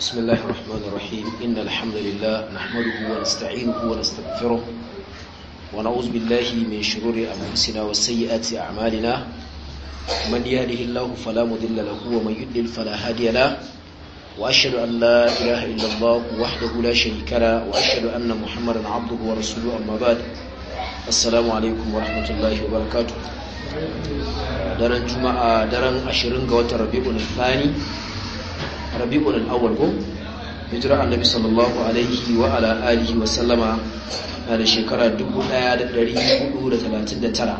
بسم الله الرحمن الرحيم إن الحمد لله نحمده ونستعينه ونستغفره ونعوذ بالله من شرور أنفسنا وسيئات أعمالنا من يهده الله فلا مضل له ومن يضلل فلا هادي له وأشهد أن لا إله إلا الله وحده لا شريك له وأشهد أن محمدا عبده ورسوله أما بعد السلام عليكم ورحمة الله وبركاته daren juma'a daren 20 ga watan rabi'ul thani rabi'ul awwal ko hijira annabi sallallahu alaihi wa ala alihi wa sallama na da shekara 1439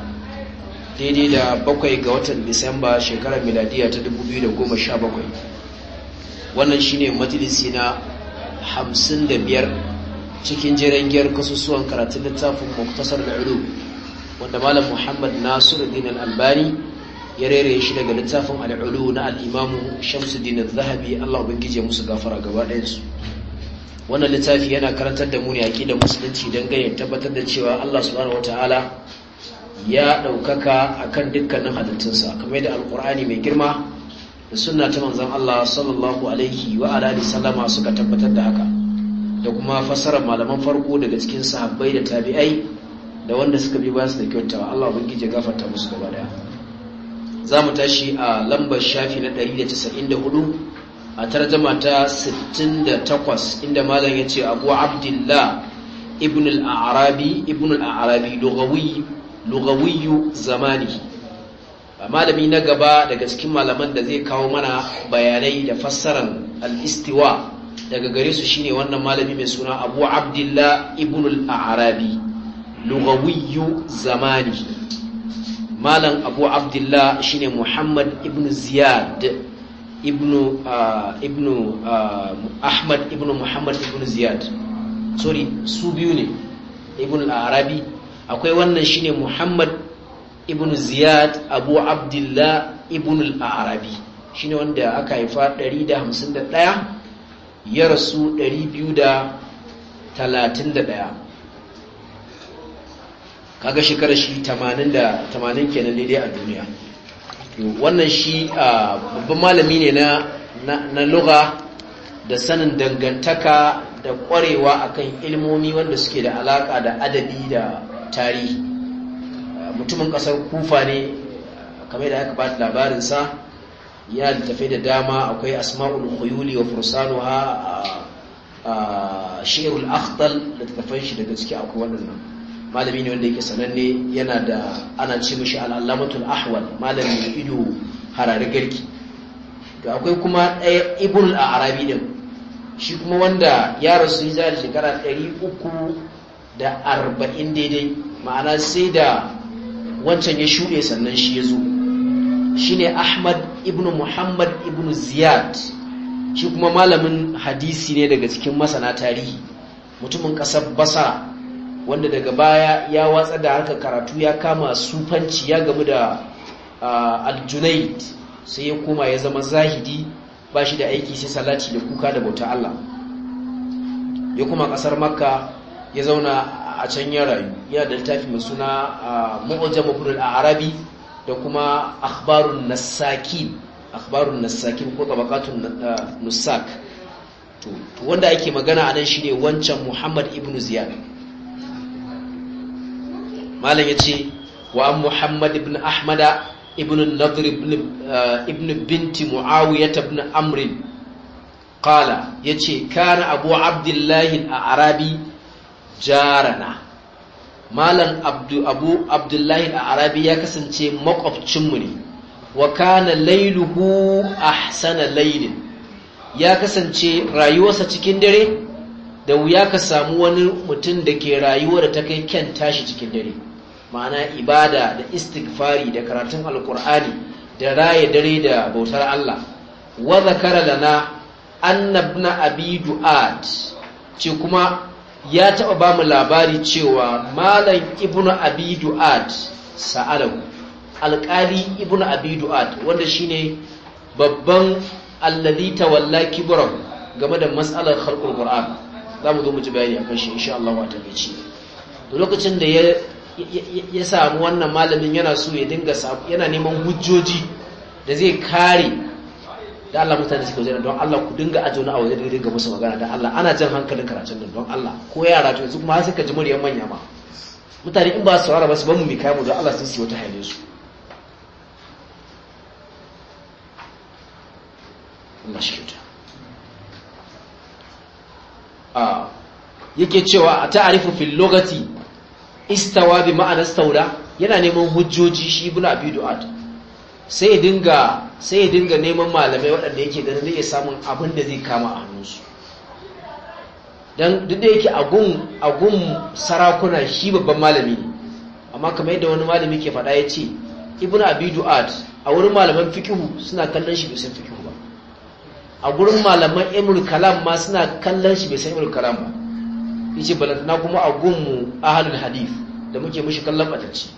daidai da bakwai ga watan disamba shekarar miladiya ta 2017 wannan shine majalisi na 55 cikin jirangiyar kasusuwan karatun littafin muktasar da wanda malam muhammad nasiru al-albani ya rere shi daga littafin al'ulu na al'imamu shamsuddin al-zahabi Allah ubangije musu gafara gaba ɗayansu wannan littafi yana karantar da mu ne aqidar musulunci dangane tabbatar da cewa Allah subhanahu wataala ya ɗaukaka akan dukkanin halittunsa kamar da alqur'ani mai girma da sunna ta manzon Allah sallallahu alaihi wa alihi sallama suka tabbatar da haka da kuma fassarar malaman farko daga cikin sahabbai da tabi'ai da wanda suka bi basu da kyautawa Allah ubangije gafarta musu gaba ɗaya za mu tashi a lambar shafi na 194 a tarjama ta 68 inda malam ya ce abu abdullah ibn al-arabi ibn al-arabi zamani malami na gaba daga cikin malaman da zai kawo mana bayanai da fassarar al-istiwa daga gare su shine wannan malami mai suna abu abdullah ibn al-arabi lugawiyu zamani malam abu abdullah shine muhammad ibn ziyad ibn uh, ibn uh, ahmad ibn muhammad ibn ziyad sorry su biyu ne ibn al-arabi akwai wannan shine muhammad ibn ziyad abu abdullah ibn al-arabi shine wanda aka haifa 151 ya rasu 231 kaga shekarar shi 80 da kenan ne dai a duniya wannan shi babban malami ne na lugha da sanin dangantaka da kwarewa akan ilmomi wanda suke da alaka da adabi da tarihi mutumin kasar kufa ne kamar da aka ba da labarinsa yana da tafe da dama akwai asma'ul khuyuli wa fursanuha shi'rul akhtal da tafan shi daga ciki akwai wannan malami ne wanda yake sananne yana da ana ce mishi al'allamatul ahwal malami ido harari garki to akwai kuma ɗaya a arabi din shi kuma wanda ya rasu uku da shekara 340 daidai ma'ana sai da wancan ya shuɗe sannan shi ya zo shi ne ahmad ibn muhammad ibn ziyad shi kuma malamin hadisi ne daga cikin masana tarihi mutumin ƙasar basara wanda daga baya ya watsa da haka karatu ya kama sufanci ya gamu da aljunaid sai ya koma ya zama zahidi ba shi da aiki sai salati da kuka da bauta Allah ya kuma kasar makka ya zauna a can ya rayu yana da littafi mai suna ma'ajar kudul a arabi da kuma akhbarun nasakin akhbarun nasakin ko tabakatun nusak to wanda ake magana a anan shine wancan Muhammad ibn Ziyad malam ce wa an muhammad ibn ahmada ibn nadir eh, ibn binti mu'awiyata ibn kala qala ce kana abu Abdullahi a arabi jarana malam abu Abdullahi a arabi ya kasance makwabcinmu ne wa kana lailuhu ahsana lailin ya kasance rayuwarsa cikin dare da wuya ka samu wani mutum da ke rayuwa da ta kai kyan tashi cikin dare ma'ana ibada da istighfari da karatun alkur'ani da raye dare da bautar Allah wa zakara lana annabna abi du'at ce kuma ya taba ba mu labari cewa malam ibnu abi du'at sa'alahu alƙali ibnu abi du'at wanda shine babban alladhi tawalla kibrahu game da mas'alar khalqul qur'an za mu zo mu ci bayani kan shi insha Allah wa tabbaci da lokacin da ya ya samu wannan malamin yana so ya dinga yana neman hujjoji da zai kare da Allah mutane suke wajen don Allah ku dinga ajona a wajen dinga musu magana da Allah ana jan hankalin karatun don Allah ko yara to yanzu kuma suka ji muryar manya ma mutane in ba su saurara ba su bamu mu mai kai mu don Allah sun su wata haile su Allah shi ta yake cewa ta'arifu fil lugati istawa bi ma'ana staula yana neman hujjoji shi ibn abi du'at sai ya dinga sai ya dinga neman malamai waɗanda yake ganin zai samun abin da zai kama a hannunsu dan duk da yake agun agun sarakuna shi babban malami ne amma kamar yadda wani malami ke faɗa ya ce ibn abi du'at a wurin malaman fiqhu suna kallon shi da sun fiqhu a gurin malaman imul kalam ma suna kallon shi bai san imul kalam ba ce balantana kuma a gunmu ahalin hadith da muke mushi kallon batacci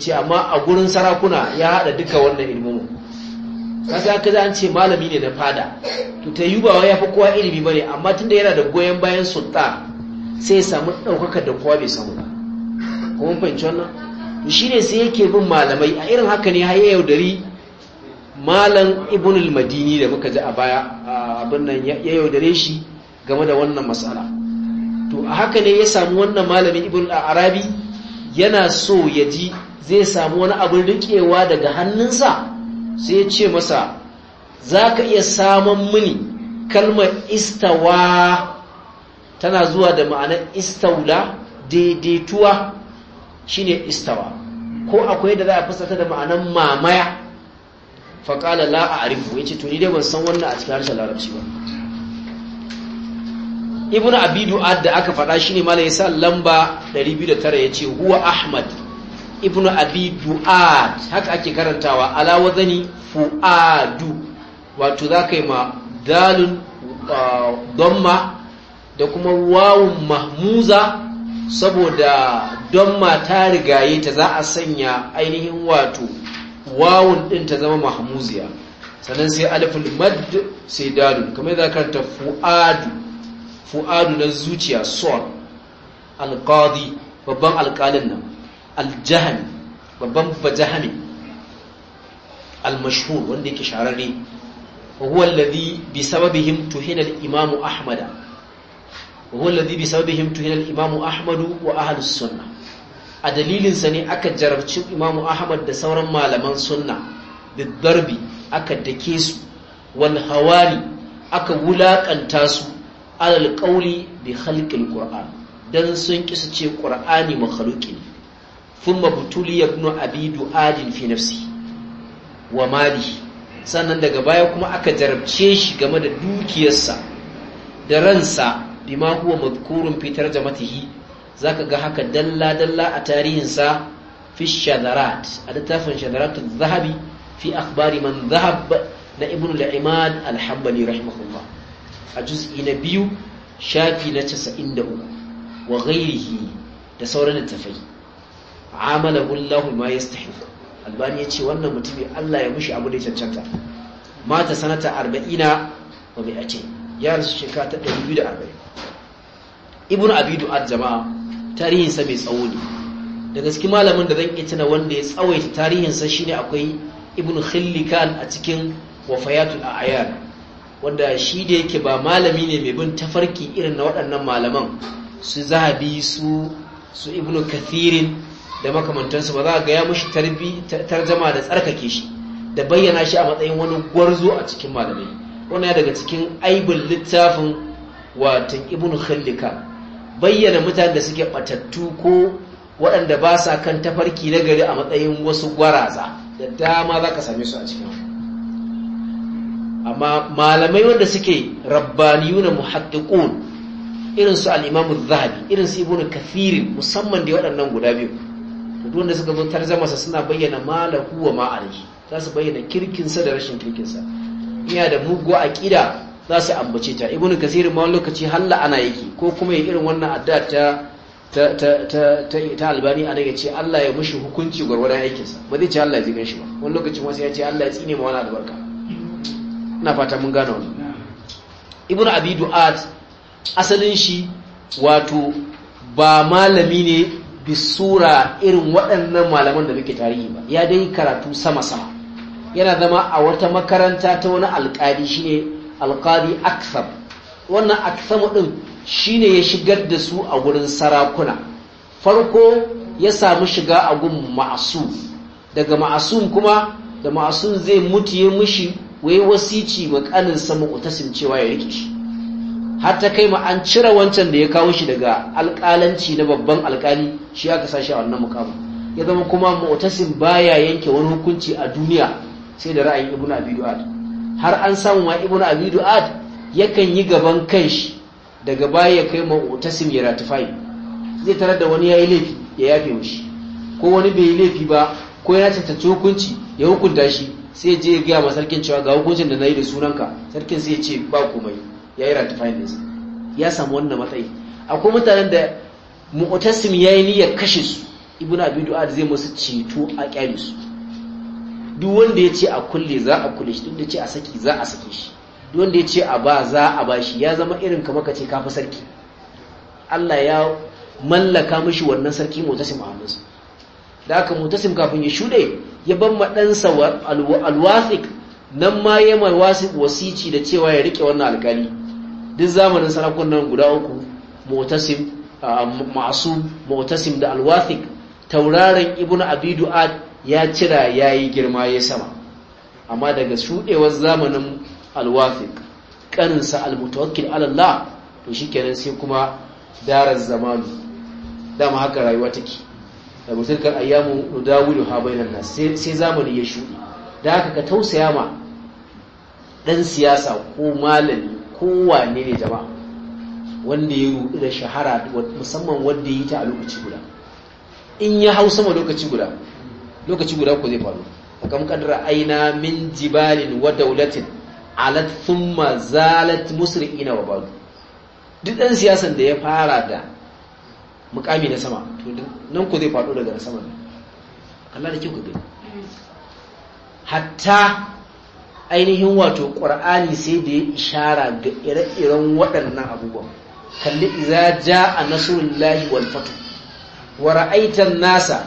ce amma a gurin sarakuna ya haɗa duka wannan ilmin kaza kaza an ce malami ne na fada to ta yi ba ya fi kowa ilimi ba ne, amma tunda yana da goyon bayan sultan sai ya samu ɗaukaka da kowa bai samu ba kuma fahimci wannan to shine sai yake bin malamai a irin haka ne ya yau dari malam ibn al-madini da muka ji a baya abin nan ya yaudare shi game da wannan matsala to a haka ne ya samu wannan malamin ibn al-arabi yana so ya ji zai samu wani abin riƙewa daga hannunsa sai ya ce masa za ka iya samun mini kalmar istawa tana zuwa da ma'anar istaula daidaituwa shine istawa ko akwai da za a fasata da ma'anar mamaya faƙala la a arifu ya ce tuni dai ban san wannan a cikin harshen larabci ba ibn abidu da aka faɗa shi ne mala ya sa lamba 209 ya ce huwa ahmad ibn abidu ad haka ake karantawa ala wazani fu'adu wato za ka yi ma dalun donma da kuma wawun mahmuza saboda donma ta rigaye ta za a sanya ainihin wato wawun ɗin ta zama mahamuziya sannan sai aliful madd sai dalun kamar yadda karanta fuadu fuadu na zuciya son alqadi babban alƙalin nan aljahani babban bajahani almashhur wanda yake shahararre wa huwa alladhi bi sababihim tuhina al-imam ahmad wa huwa bi sababihim tuhina al-imam ahmad wa ahlus sunnah a dalilinsa ne aka jarabci imamu ahmad da sauran malaman sunna da darbi aka dake su wal hawali aka wulakanta su alal qawli bi khalqil qur'an dan sun kisa ce qur'ani makhluqi ne thumma butuli ibn abidu adin fi nafsi wa mali sannan daga baya kuma aka jarabce shi game da dukiyarsa da ransa bima huwa madhkurun fi tarjamatihi za ka ga haka dalla-dalla a tarihinsa fi shadarat a littafin shadaratun zahabi fi akhbari man zahab na ibn al-imad al-hambali rahimahullah a juz'i na biyu shafi na 93 wa ghairihi da sauran littafai amalahu Allah ma yastahiq albani ce wannan mutumi Allah ya mushi abu da cancanta mata sanata 40 wa ce. ya rasu shekara ta 240 ibn abidu ad jama'a tarihinsa mai tsawo ne daga cikin malamin da zan iya tuna wanda ya tsawaita tarihinsa shine akwai ibn khillikan a cikin wafayatul a'yan wanda shi da yake ba malami ne mai bin tafarki irin na waɗannan malaman su zahabi su su ibn kathirin da makamantansu ba za a gaya tarbi tarjama da tsarkake shi da bayyana shi a matsayin wani gwarzo a cikin malamai wannan ya daga cikin aibin littafin watan ibn khillikan bayyana mutane da suke batattu ko waɗanda ba sa kan tafarki na gari a matsayin wasu gwaraza da dama za ka same su a cikin amma malamai wanda suke rabbaniyuna muhaddiqun irin su al zahabi irin su ibnu kathir musamman da waɗannan guda biyu to duk wanda suka zo tarzama suna bayyana malahu wa ma za su bayyana kirkinsa da rashin kirkinsa ina da mugu ƙida. za su ambace ta ibnu kasir ma wani lokaci halla ana yake ko kuma irin wannan adda ta ta ta ta ta albani ana yake ce Allah ya mushi hukunci gwargwadon aikinsa ba zai ce Allah ya zigan shi ba wani lokacin wasu ya ce Allah ya tsine ma wani albarka ina fata mun gane wani ibnu abi du'at asalin shi wato ba malami ne bisura irin waɗannan malaman da muke tarihi ba ya dai karatu sama sama yana zama a wata makaranta ta wani alƙali shine alqadi aksam wannan aksamu din shine ya shigar da su a wurin sarakuna farko ya samu shiga a gun ma'asun daga ma'asun kuma da ma'asun zai ya mushi wai wasici makanin samu utasin cewa ya rike shi har ta kai ma an cire wancan da ya kawo shi daga alƙalanci na babban alƙali shi aka shi a wannan mukamu ya zama kuma mu'tasim baya yanke wani hukunci a duniya sai da ra'ayin ibnu abi du'ad har an samu ma ibnu abi du'ad yakan yi gaban kanshi daga baya ya kai mu'tasim ya ratifai zai tarar da wani yayi laifi ya yafe mishi ko wani bai yi laifi ba ko ya tantance hukunci ya hukunta shi sai je ya ga ma sarkin cewa ga hukuncin da nayi da sunanka sarkin sai ya ce ba komai yayi ratifai din ya samu wannan matsayi akwai mutanen da mu'tasim yayi niyyar kashe su ibnu abi du'ad zai musu ceto a kyale duk wanda ya ce a kulle za a kulle shi duk da ce a saki za a sake shi duk wanda ya ce a ba za a ba shi ya zama irin kamar ka ce kafi sarki Allah ya mallaka mishi wannan sarki mutasim hannunsa da aka mutasim kafin ya shuɗe ya ban ma ɗansa alwasik nan ma ya mai wasici da cewa ya riƙe wannan alƙali duk zamanin sarakunan guda uku mutasim ah, masu mutasim da alwasik tauraron ibnu abidu'ad ya cira ya yi girma ya sama amma daga shuɗewar zamanin alwafiq ƙaninsa almutawakil alallah to shi kenan sai kuma darar zamanu dama haka rayuwa take da mutum kan ayyamu nudawilu ha bainan nas sai zamani ya shuɗe da haka ka tausaya ma ɗan siyasa ko malami ko wane ne jama'a wanda ya ruɗu da shahara musamman wanda ya yi ta a lokaci guda in ya hau sama lokaci guda lokaci guda ku zai faru kam kadra aina min jibalin wa daulatin alat thumma zalat ina wa badu duk ɗan siyasan da ya fara da mukami na sama to nan ku zai faɗo daga sama ne Allah da kyau ku gani hatta ainihin wato qur'ani sai da ya ishara ga ire-iren waɗannan abubuwan kalli idza jaa nasrullahi wal walfatu. wa ra'aita an-nasa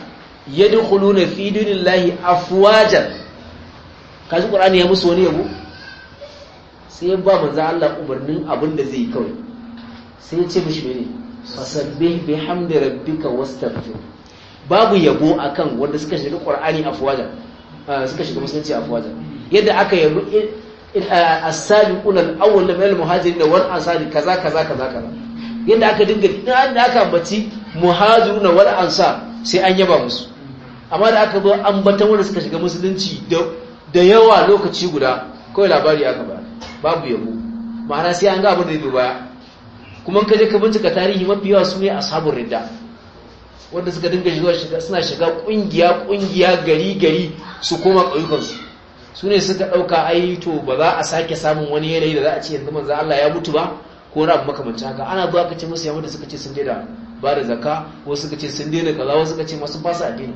yadkhuluna fi dinillahi afwajan kaji qur'ani ya musu wani yabo sai ya ba manzo Allah umarnin abin da zai yi kawai sai ya ce mishi mene fasabbih bihamdi rabbika wastaghfir babu yabo akan wanda suka shiga qur'ani afwajan ah, suka shiga musulunci afwajan yadda aka yabo ah, as-sabiquna al-awwal min al-muhajirin wal ansari kaza kaza kaza kaza yadda aka dinga da aka ambaci da wal ansar sai an yaba musu amma da aka zo batan wanda suka shiga musulunci da yawa lokaci guda kawai labari aka ba babu yabo ma'ana sai an ga abin da ya baya kuma ka je ka bincika tarihi mafi yawa su ne sabon ridda wanda suka dinga shiga suna shiga kungiya kungiya gari gari su koma ƙauyukansu su ne suka ɗauka ai to ba za a sake samun wani yanayi da za a ce yanzu manzo Allah ya mutu ba ko wani abu haka ana zuwa ka ce musu ya mutu suka ce sun daina ba da zakka wasu suka ce sun daina kaza wasu suka ce masu fasa addini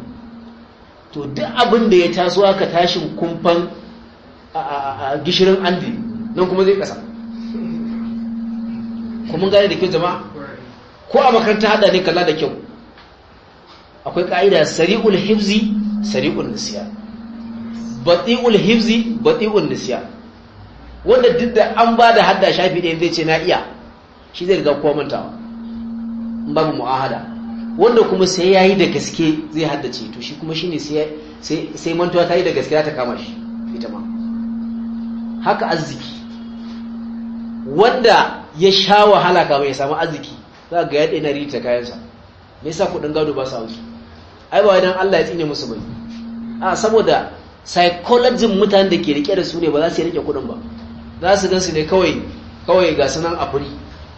to duk abin da ya taso aka tashin kumfan gishirin andi nan kuma zai kasa kuma gane da kyau jama'a ko a makaranta hada ne kalla da kyau akwai ka'ida sari'ul hibzi sari'ul nisiya bati'ul hibzi bati'ul nisiya wanda duk da an ba da hada shafi ɗaya zai ce na iya shi zai riga kowa mantawa babu mu'ahada wanda kuma sai ya yi da gaske zai haddace to shi kuma shine sai mantuwa ta yi da gaske ta kama shi ita ma haka arziki wanda ya sha wahala kama ya samu arziki za ga ya daina rita kayansa me yasa kudin gado ba sa wuce ai ba idan Allah ya tsine musu bai a saboda psychology mutanen da ke rike da su ne ba za su rike kudin ba za su gan su ne kawai ga sunan afuri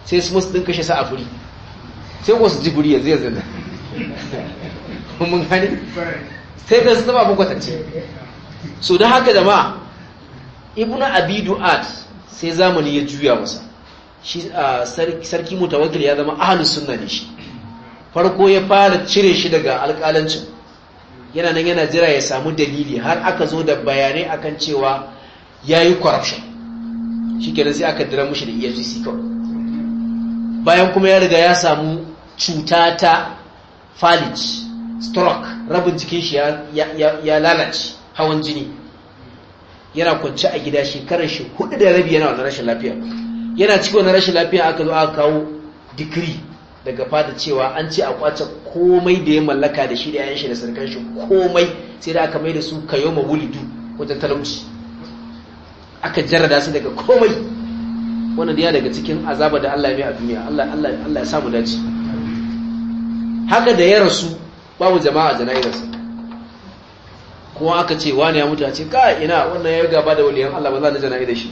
sai su musu din kashe sa afuri sai su ji buri ya zai zai mun gani sai ka zama abin kwatance so da haka da ma ibn abidu ad sai zamani ya juya masa shi sarki mutawakil ya zama ahalus sunna ne shi farko ya fara cire shi daga alƙalancin yana nan yana jira ya samu dalili har aka zo da bayanai akan cewa ya yi corruption shi kenan sai aka dira mushi da efcc kawai bayan kuma ya riga ya samu cuta ta falij stroke rabin jikin shi ya lalace hawan jini yana kwanci a gida shekarar shi hudu da rabi yana wani rashin lafiya yana cikin wani rashin lafiya aka zo a kawo digiri daga fada cewa an ce a kwace komai da ya mallaka da shi da yayan shi da sarkan shi komai sai da aka mai da su kayo ma wulidu wajen talauci aka jarrada su daga komai wannan ya daga cikin azaba da Allah ya mai a duniya Allah ya samu dace haka da ya rasu babu jama'a jana'irarsa kuma aka ce wani ya mutu a ce ka ina wannan ya gaba da waliyan Allah ba za na jana'irar shi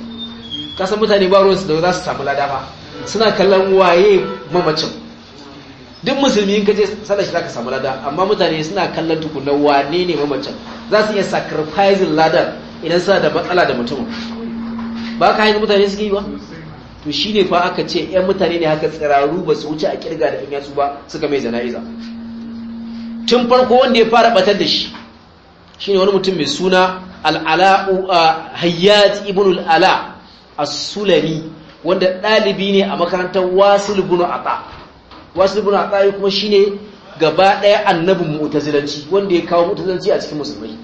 kasan mutane ba ruwansu da za su samu lada ba suna kallon waye mamacin duk musulmi in kaje sallar shi zaka samu lada amma mutane suna kallon tukuna wane ne mamacin za su iya sacrificing ladar idan suna da matsala da mutum ba ka hanyar mutane suke yi ba to shi ne fa aka ce ‘yan mutane ne haka tsiraru ba su wuce a kirga da ‘yan yatsu ba suka mai zana'iza tun farko wanda ya fara batar da shi shi ne wani mutum mai suna al'ala'u a hayyat ibn al'ala a sulani wanda ɗalibi ne a makarantar wasul bin ata wasul kuma shi ne gaba ɗaya annabin mu'tazilanci wanda ya kawo mu'tazilanci a cikin musulmai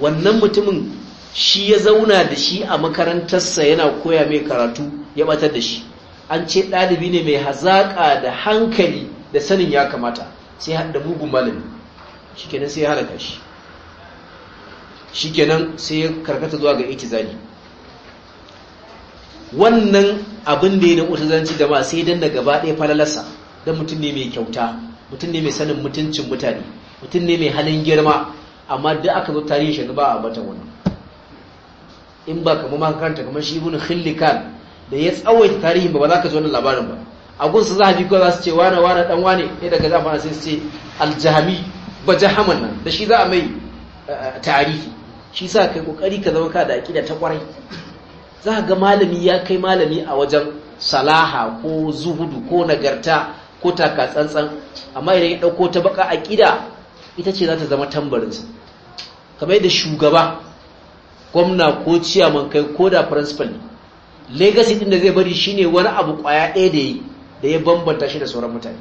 wannan mutumin shi ya zauna da shi a makarantarsa yana koya mai karatu ya batar da shi an ce ɗalibi ne mai hazaƙa da hankali da sanin ya kamata sai haɗa mugun malami shikenan sai ya halaka shi shikenan sai ya karkata zuwa ga itizali wannan abin da ya na utazanci da ma sai dan da gaba ɗaya falalarsa don mutum ne mai kyauta mutum ne mai sanin mutuncin mutane mutum ne mai halin girma amma da aka zo tarihin shi ba a batan wannan in ba kamar ma karanta kamar shi ibn khillikan da ya tsawaita tarihin ba ba za ka zo nan labarin ba a gunsu za a bi za su ce wane wane dan wane ne daga zama sai su ce aljahami ba jahaman nan da shi za a mai eh, tarihi shi sa kai kokari ka zama ka da aƙida ta kwarai za ga malami ya kai malami a wajen salaha ko zuhudu ko nagarta ko taka tsantsan amma idan ya ɗauko ta baka aƙida ita ce za ta zama tambarinsa kamar da shugaba gwamna ko ciyaman kai ko da principal ne legacy din da zai bari shine wani abu kwaya ɗaya da yi da ya bambanta shi da sauran mutane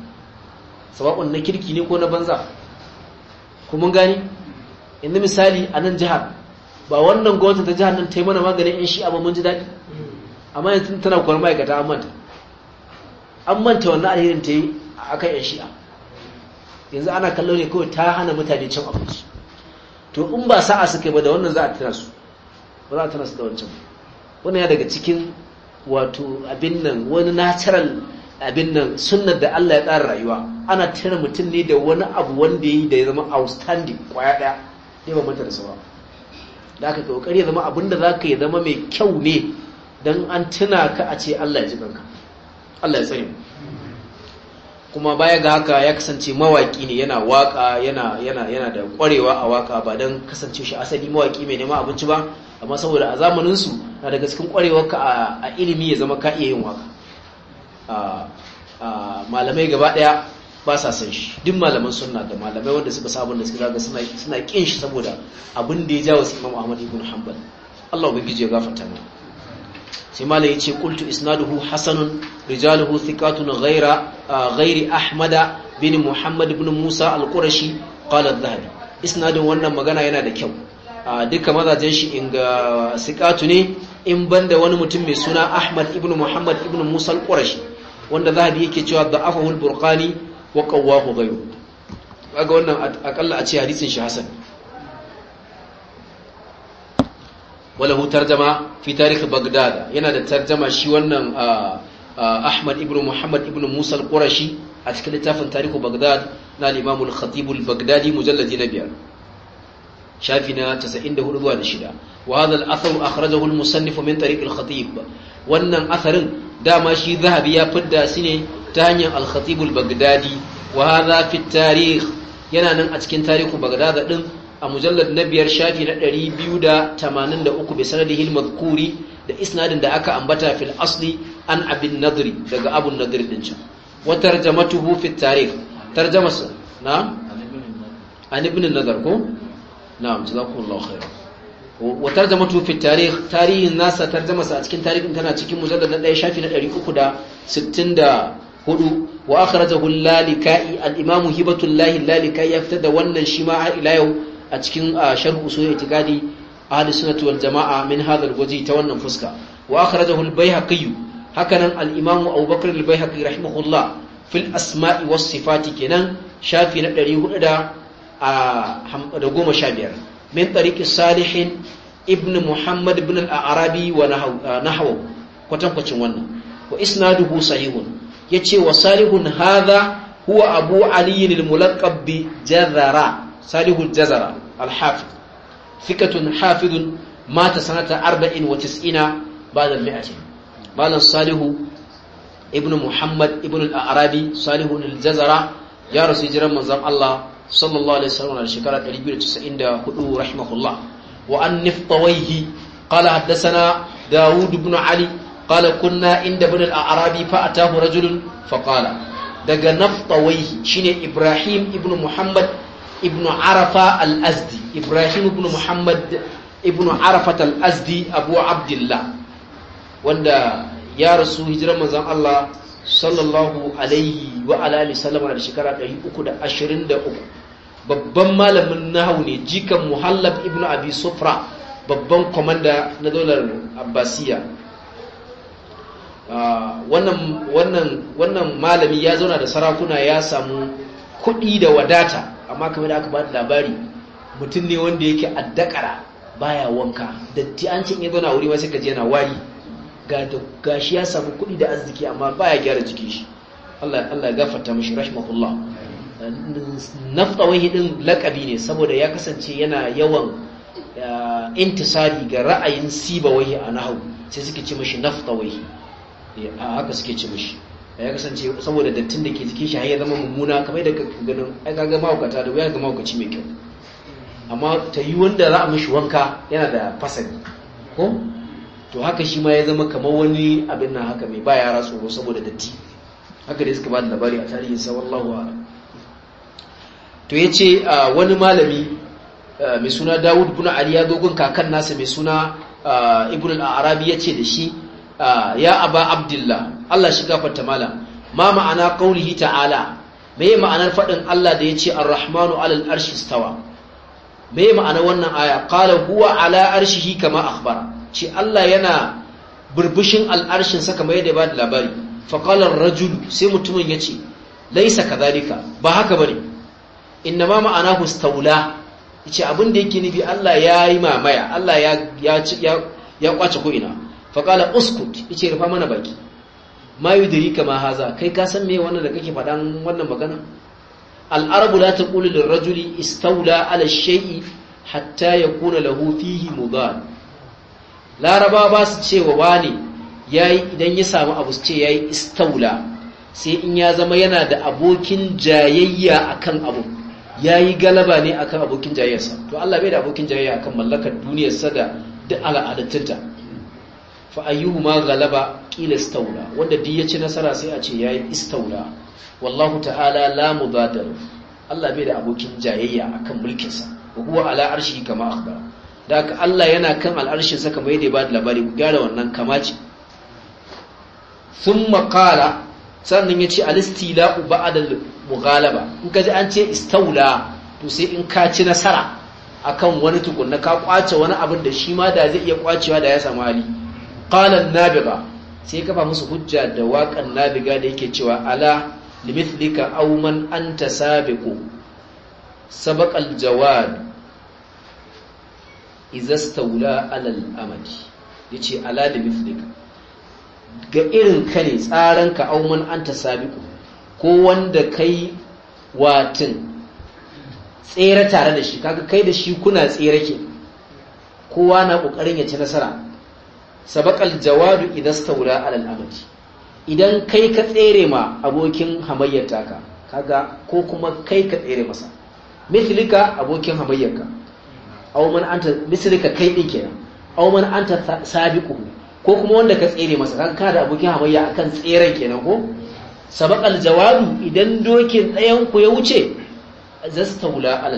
sababin na kirki ne ko na banza kuma gani inda misali a nan jihar ba wannan gwamnati ta jihar nan ta yi mana maganin yan shi'a ba mun ji daɗi amma yanzu tana kwar ma'aikata an manta an manta wannan alherin ta yi a kan yan shi'a yanzu ana kallo ne kawai ta hana mutane cin abinci to in ba sa'a suka yi ba da wannan za a su ba za ta nasu da wancan wannan ya daga cikin wato abin nan wani natural abin nan sunan da Allah ya tsara rayuwa ana tana mutum ne da wani abu wanda ya yi da ya zama outstanding kwaya daya ne ba mata da ba. da aka kokari ya zama abin da za ka yi zama mai kyau ne don an tuna ka a ce Allah ya ji kanka Allah ya tsare mu kuma baya ga haka ya kasance mawaki ne yana waka yana yana da kwarewa a waka ba dan kasance shi asali mawaki mai nema abinci ba amma saboda a zamanin su na daga cikin kwarewarka a, a ilimi ya zama ka iya yin waka malamai gaba daya ba sa san shi duk malaman sunna da malamai wanda suka sabon da suka zaga suna suna kin shi saboda abin da ya jawo su Imam Ahmad ibn Hanbal Allah ubangiji ya gafarta mana sai mala ya ce kultu isnaduhu hasanun rijaluhu thiqatun ghaira ghairi ahmada bin muhammad bin musa al-qurashi qala dhahabi isnadin wannan magana yana da kyau duka mazajen shi ga sikatu ne in banda wani mutum mai suna ahmad ibn muhammad ibn musa al-qurashi wanda zahabi yake cewa da'afahu al-burqani wa qawwahu ghayru kaga wannan akalla a ce hadisin shi hasan wala hu tarjama fi tarikh bagdad yana da tarjama shi wannan ahmad ibn muhammad ibn musa al-qurashi a cikin littafin tarihu bagdad na al-imam al-khatib al-baghdadi mujalladi na biyar shafi na 94 zuwa da shida wa hadha al-athar akhrajahu al-musannif min tariq al-khatib wannan atharin dama shi zahabi ya fidda shi ne ta hanyar al-khatib al-baghdadi wa hadha fi tarikh yana nan a cikin tarihu bagdad din a mujallar na biyar shafi na 283 bi sanadihi al-madhkuri da isnadin da aka ambata fil asli an abin nadri daga abun nadri din can wa tarjamatuhu fi tarikh tarjamas na an ibn nadar ko na'am jazakumullahu khairan wa tarjamatuhu fi tarikh tarihin nasa tarjamasa a cikin tarihin tana cikin mujallar na ɗaya shafi na 360 hudu wa akhrajahu al-lalikai al-imamu hibatullahi al-lalikai ya fitar da wannan shi ma har ila yau a cikin sharh usul i'tiqadi ahli sunnati wal jama'a min hadha al ta wannan fuska wa akhrajahu al bayhaqi hakanan al imam abubakar al bayhaqi rahimahullah fil asma'i was sifati kenan shafi na 415 min tariqi salihin ibn muhammad ibn al arabi wa nahwu kwatankwacin wannan wa isnaduhu sahihun yace wa salihun hadha huwa abu ali al mulaqqab bi jazara salihul jazara al-hafiz fikatun hafidun mata sanata 94 ba'da al malam salihu Ibn muhammad ibnu al-arabi salihul jazara ya rasu jiran manzon Allah sallallahu alaihi wasallam a shekara 294 rahimahullah wa annif tawaihi qala haddathana daud ibn ali qala kunna inda ibn al-arabi fa atahu rajulun fa qala daga naftawaihi shine ibrahim ibn muhammad ibn arafa al-azdi ibrahim ibn muhammad ibn arafat al-azdi abu abdullah wanda ya rasu hijirar manzon Allah sallallahu alaihi wa alihi sallama da shekara 323 babban malamin nahawu ne jikan muhallab ibn abi sufra babban komanda na dolar abbasiya ah, wannan malami ya zauna da sarakuna ya samu kuɗi da wadata amma kamar da aka ba da labari mutum ne wanda yake addakara baya wanka datti an ce in wuri ma kaji yana wari ga shi ya samu kuɗi da arziki amma baya gyara jiki shi Allah Allah gafarta mishi rahimahullah naftawai hidin lakabi ne saboda ya kasance yana yawan intisari ga ra'ayin sibawai a nahu sai suke ce mishi naftawai eh, a haka suke ce mashi ya kasance saboda dattin da ke cikin shi ya zama mummuna kamar da ganin ai kaga mahaukata da wuya ga mahaukaci mai kyau amma ta yi wanda za a mishi wanka yana da fasali ko to haka shi ma ya zama kamar wani abin nan haka mai ba yara tsoro saboda datti haka da suka ba da labari a tarihin sa wallahu to yace wani malami mai suna Dawud buna Ali dogon kakan nasa mai suna Ibn al-Arabi ce da shi Ah, ya aba abdullah Allah shi gafarta mala ma ma'ana qaulihi ta'ala meye ma'anar fadin Allah da yace ar-rahmanu 'alal arshi istawa meye ma'anar wannan aya qala huwa 'ala arshihi kama akhbara ce Allah yana burbushin al'arshin sa mai yadda ba da labari fa qala ar-rajulu sai mutumin yace laisa kadhalika ba haka bane inna ma ma'ana istawla yace abin da yake nufi Allah ya yi mamaya Allah ya ya ya kwace ko ina faƙala uskut ice rufa mana baki ma yi diri kama haza kai ka san me wannan da kake faɗan wannan magana al'arabu la ta ƙuli da rajuli istaula ala shai'i hatta ya kuna lahu fihi laraba ba su ce wa wani yayi idan ya samu abu su ce yayi istaula sai in ya zama yana da abokin jayayya akan abu yayi galaba ne akan abokin jayayyarsa to Allah bai da abokin jayayya akan mallakar duniyarsa da duk al'adatunta fa ayyuhu ma galaba qila istawla wanda duk ya ci nasara sai a ce yayi istawla wallahu ta'ala la mubadar Allah bai da abokin jayayya akan mulkin sa huwa ala arshi kama akhbar da Allah yana kan al'arshin sa kamar yadda ba da labari ku gyara wannan kamaci thumma qala sannan yace al-istila'u ba'da al-mughalaba in ka ji an ce istawla to sai in ka ci nasara akan wani tukunna ka kwace wani abin da shi ma da zai iya kwacewa da ya samu hali qalan nabiga sai kafa musu hujja da waƙan nabiga da yake cewa ala limithlika aw man anta sabiqu al jawad idza stawla ala al-amad yace ala limithlika ga irin kane tsaran ka aw man anta sabiqu ko wanda kai watin tsere tare da shi kaga kai da shi kuna tsere ke kowa na kokarin ya ci nasara sabakal jawadu idan ala al idan kai ka tsere ma abokin hamayyar taka kaga ko kuma kai ka tsere masa mithlika abokin hamayyarka aw man anta mithlika kai din kenan aw man anta sabiqu ko kuma wanda ka tsere masa kaga ka da abokin hamayya akan tseren kenan ko sabakal jawadu idan dokin ɗayan ku ya wuce zastaula ala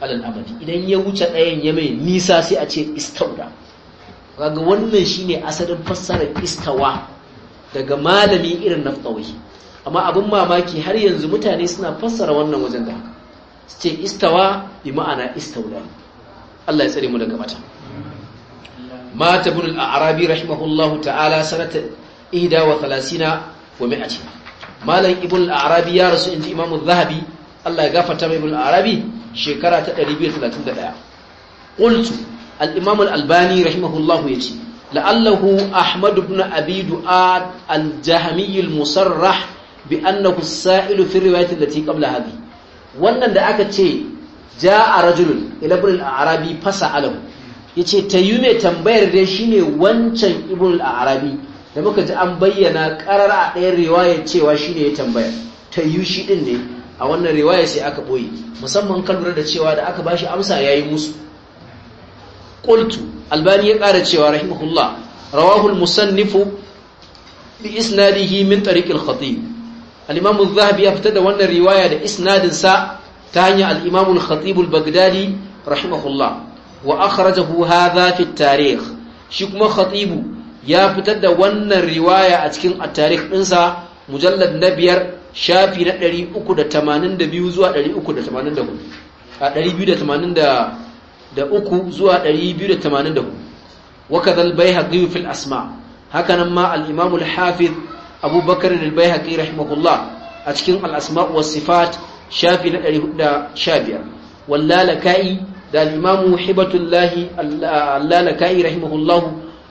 al alal idan ya wuce ɗayan ya mai nisa sai a ce istaula kaga wannan shine asalin fassarar istawa daga malami irin naftawi amma abin mamaki har yanzu mutane suna fassara wannan wajen da haka su ce istawa bi ma'ana istaula Allah ya tsare mu daga mata mata bin al-arabi ta'ala sanata 31 wa malam ibn al-arabi ya rasu inji imam az-zahabi Allah ya gafarta mai ibn al-arabi shekara ta 231 qultu al-imam al-albani rahimahullahu yace la'allahu ahmadu ibn abidu du'ad al-jahmi musarrah bi annahu sailu fi riwayat allati wannan da aka ce a rajulun al'arabi fasa al ya ce yace tayu mai tambayar dai shine wancan ibn al'arabi. arabi da muka ji an bayyana ƙarar a ɗayan riwayar cewa ne ya tambaya tayu shi ɗin ne a wannan riwaya sai aka ɓoye. musamman kan lura da cewa da aka ba shi amsa ya yi musu qultu albani ya ƙara cewa rahimahullah rawahul musannifu bi isnadihi min tariq al-khatib al-imam az-zahabi ya fita da wannan riwaya da isnadin sa ta hanyar al-imam al-khatib al-baghdadi rahimahullah wa akhrajahu hadha fi at-tarikh shi kuma khatibu ya fitar da wannan riwaya a cikin at-tarikh mujallar mujallad na biyar shafi na 382 zuwa 384 a da uku zuwa 284 wakaza al-baihaqi fil asma hakanan ma al-imam al-hafiz abubakar al-baihaqi rahimahullah a cikin al-asma wa sifat shafi na 415 wallalaka'i da al-imam hibatullah al-lalaka'i rahimahullah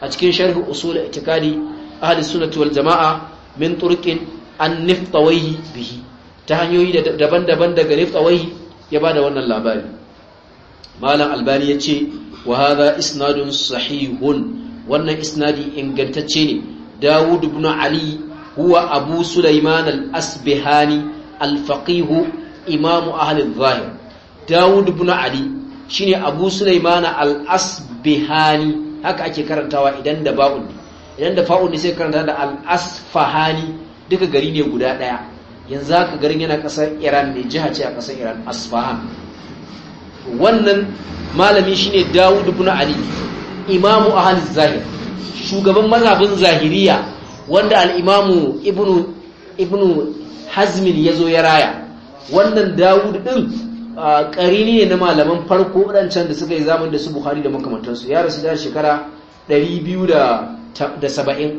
a cikin sharh usul itikadi ahli sunnati wal jamaa min turqin an-niftawayhi bihi ta hanyoyi daban-daban daga niftawayhi ya bada wannan labari malam albani ya ce wa hadha isnadun sahihun wannan isnadi ingantacce ne dawud ibn ali huwa abu sulaiman al-asbihani al-faqih Imam ahli al-zahir dawud ibn ali shine abu sulaiman al-asbihani haka ake karantawa idan da ba'un idan da fa'un ne sai karanta da al-asfahani duka gari ne guda daya yanzu haka garin yana kasar iran ne jiha ce a kasar iran asfahan wannan malami shine Dawud ibn Ali imamu ahli zahir shugaban mazhabin zahiriya wanda al-imamu ibn ibn hazmin ya zo ya raya wannan dawud ɗin ƙarini ne na malaman farko waɗancan da suka yi zaman da su Bukhari da su ya rasu da shekara 270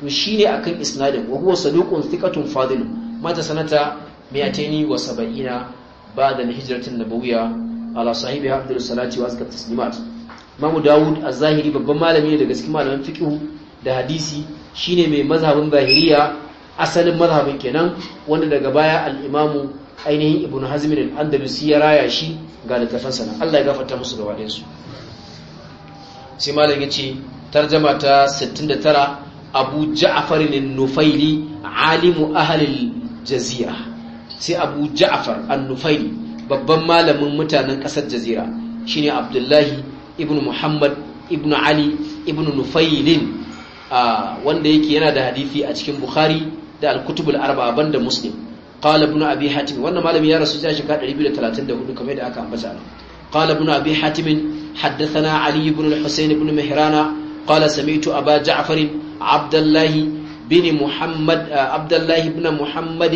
to shi ne isnadin wa huwa saduqun thiqatun fadil mata sanata 270 ba'da da hijratin nabawiyya ala sahibi abdul salati wa azka taslimat Imam Dawud az-Zahiri babban malami ne daga cikin malaman fiqh da hadisi shine mai mazhabin Zahiriya asalin mazhabin kenan wanda daga baya al-Imam ainihin Ibn Hazm al-Andalusi ya raya shi ga littafansa na Allah ya gafarta musu da ɗayan su sai malam yace tarjama ta 69 Abu Ja'far an-Nufaili alimu ahli al-Jazira sai Abu Ja'far an-Nufaili babban malamin mutanen ƙasar jazira shine abdullahi ibn muhammad ibn ali ibn nufailin wanda yake yana da hadifi a cikin bukhari da al-kutubul arba'a banda muslim qala ibn abi hatim wannan malami ya rasu ya shekara 234 kamar da aka ambata nan qala ibn abi hatim haddathana ali ibn al-husayn ibn mihrana qala sami'tu aba ja'far abdullah bin muhammad abdullah ibn muhammad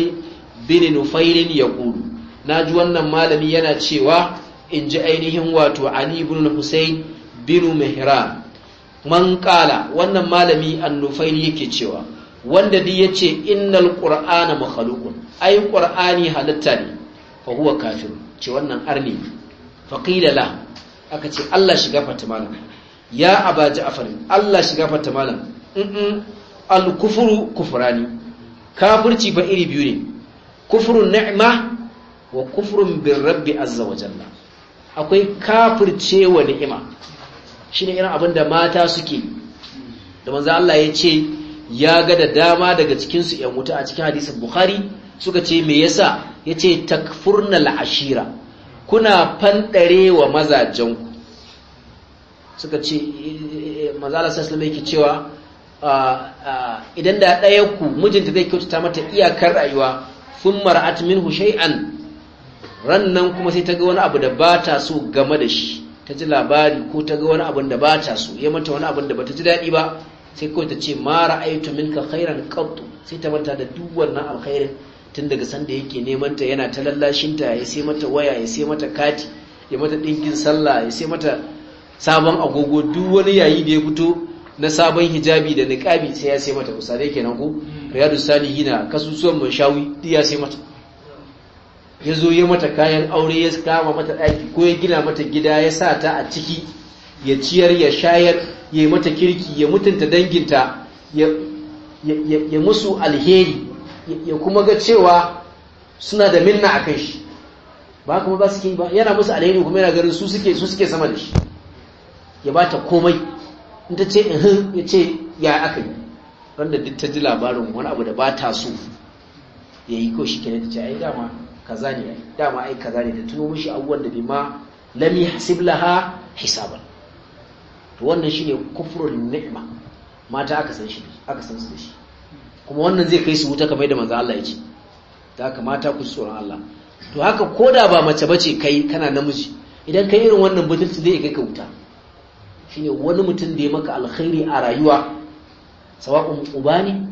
bin nufail yaqulu na ji wannan malami yana cewa in ji ainihin wato ali ibn husayn bin mihran man kala wannan malami annufaili yake cewa wanda duk yace innal qur'ana makhluqun ai qur'ani halitta ne fa huwa kafir ce wannan arni fa qila la aka ce Allah shiga fata malam ya aba ja'far Allah shiga fata malam in al kufru kufrani kafirci ba iri biyu ne kufrun ni'ma wa kufrun bin rabbi azza wa jalla akwai wa ni'ima shine irin abinda mata suke da manzo Allah ya ce ya ga da dama daga cikinsu yan wuta a cikin hadisin Bukhari suka ce me yasa yace furna la'ashira. kuna fandarewa wa ku suka ce manzo Allah sallallahu alaihi wasallam cewa idan da ɗaya ku mijinta zai kyautata mata iyakar rayuwa sun mara'at minhu shay'an rannan kuma sai ta ga wani abu da ba ta so game da shi ta ji labari ko ta ga wani abu da ba ta so ya mata wani abu da ba ta ji daɗi ba sai kawai ta ce ma ra'aitu minka khairan qattu sai ta manta da duk wannan alkhairin tun daga sanda yake neman ta yana ta lallashin ta ya sai mata waya ya sai mata kati ya mata dinkin sallah ya sai mata sabon agogo duk wani yayi da ya fito na sabon hijabi da niqabi sai ya sai mata kusa dai kenan ko hmm. riyadu salihina kasusuwan manshawi duk ya sai mata ya zo ya mata kayan aure ya kama mata ɗaki ko ya gina mata gida ya sa ta a ciki ya ciyar ya shayar ya mata kirki ya mutunta danginta ya musu alheri ya kuma ga cewa suna da minna a kan shi ba kuma ba suke ba yana musu alheri kuma yana garin su suke su suke sama da shi ya ba ta komai in ta ce in ya ce ya aka yi wanda duk ta ji labarin wani abu da ba ta so ya yi ko shi kenan ta ce ai dama kaza ne dama ai kaza ne da tuno mishi abubuwan da bai ma lami yahsib laha hisaban to wannan shine kufrul ni'ma mata aka san shi aka san su da shi kuma wannan zai kai su wuta kamar da manzo Allah ya ce haka kamata ku tsoron Allah to haka koda ba mace bace kai kana namiji idan kai irin wannan butulci zai kai ka wuta shine wani mutum da ya maka alkhairi a rayuwa sawa'un uba ne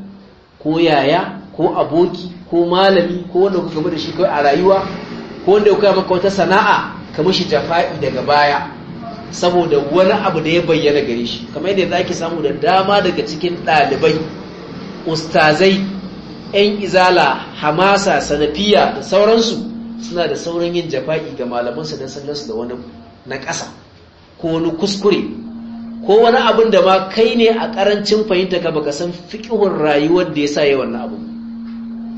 ko yaya ko aboki ko malami ko wanda kuka da shi kawai a rayuwa ko wanda kuka maka wata sana'a ka mishi jafa'i daga baya saboda wani abu da ya bayyana gare shi kamar yadda zaki ki samu da dama daga cikin ɗalibai ustazai 'yan izala hamasa sanafiya da sauransu suna da sauran yin jafa'i ga malamansu don su da wani na ƙasa ko wani kuskure ko wani abin da ma kai ne a ƙarancin fahimta ka baka san fiƙihun rayuwar da ya sa yawan abu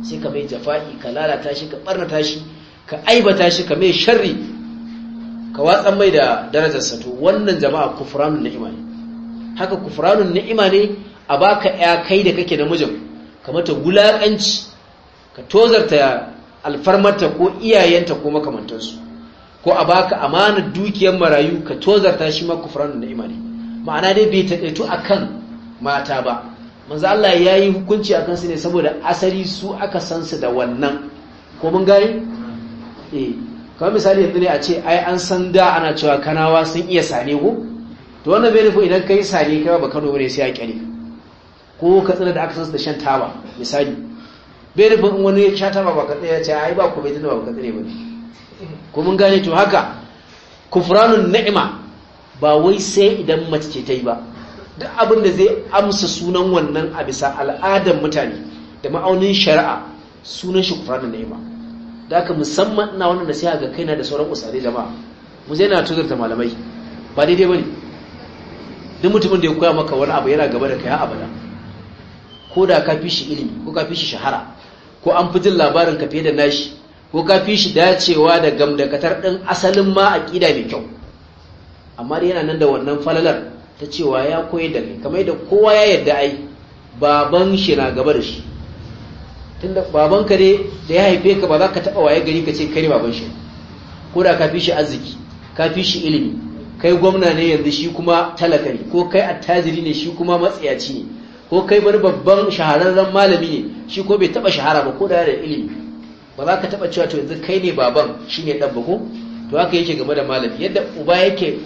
sai ka mai jafa'i ka lalata shi ka barnata shi ka aibata shi ka mai sharri ka watsan mai da darajarsa to wannan jama'a kufuranun ni'ima ne haka kufuranun ni'ima ne a baka ya kai da kake namijin ka mata gulaƙanci ka tozarta alfarmarta ko iyayenta ko makamantansu ko a baka amanar dukiyar marayu ka tozarta shi ma kufuranun ni'ima ne ma'ana dai bai a akan mata ba manzo Allah ya yi hukunci a kansu ne saboda asali su aka san su da wannan ko mun gani eh kamar misali yanzu ne a ce ai an san da ana cewa kanawa sun iya sane ku? to wannan bai nufi idan kai sane kai ba Kano bane sai a kyale ko ka tsira da aka san su da shan taba misali bai nufi in wani ya sha taba ba ka tsaya ce ai ba ku bai tuna ba ka tsire ba ko mun gane to haka kufranun Na'ima ba wai sai idan mace ce ta yi ba duk abin da zai amsa sunan wannan a bisa al'adar mutane da ma'aunin shari'a sunan shi kufranin ni'ima da aka musamman ina wannan nasiha ga kaina da sauran usare jama'a mu zai na tuzurta malamai ba daidai ba ne. duk mutumin da ya koya maka wani abu yana gaba da kai abada ko da ka fi shi ilimi ko ka fi shi shahara ko an fi jin labarin ka fiye da nashi ko ka fi shi dacewa da gamdakatar ɗin asalin ma aƙida mai kyau amma dai yana nan da wannan falalar ta cewa ya koyar da kai kamar da kowa ya yarda ai baban shi na gaba da shi tunda baban ka ne da ya haife ka ba za ka taba waye gari ka ce kai baban shi ko da ka fi shi arziki ka fi shi ilimi kai gwamna ne yanzu shi kuma talaka ne ko kai attajiri ne shi kuma matsayaci ne ko kai wani babban shahararren malami ne shi ko bai taba shahara ba ko da da ilimi ba za ka taba cewa to yanzu kai ne baban shine dan ba ko to haka yake game da malami yadda uba yake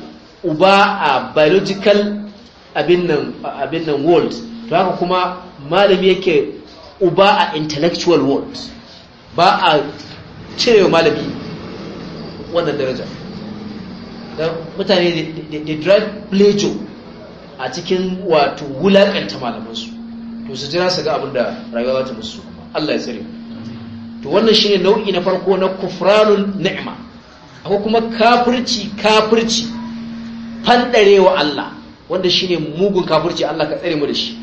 uba a biological abin nan world to haka kuma malami yake uba a intellectual world ba a cire malami wannan daraja mutane da drive plejo a cikin wato wulakanta malamansu to su jira su ga abin da rayuwa wata musu Allah ya tsare to wannan shine nau'i na farko na kufranul ni'ma akwai kuma kafirci kafirci Fanɗarewa Allah wanda shi ne mugun kafurci Allah ka tsare mu da shi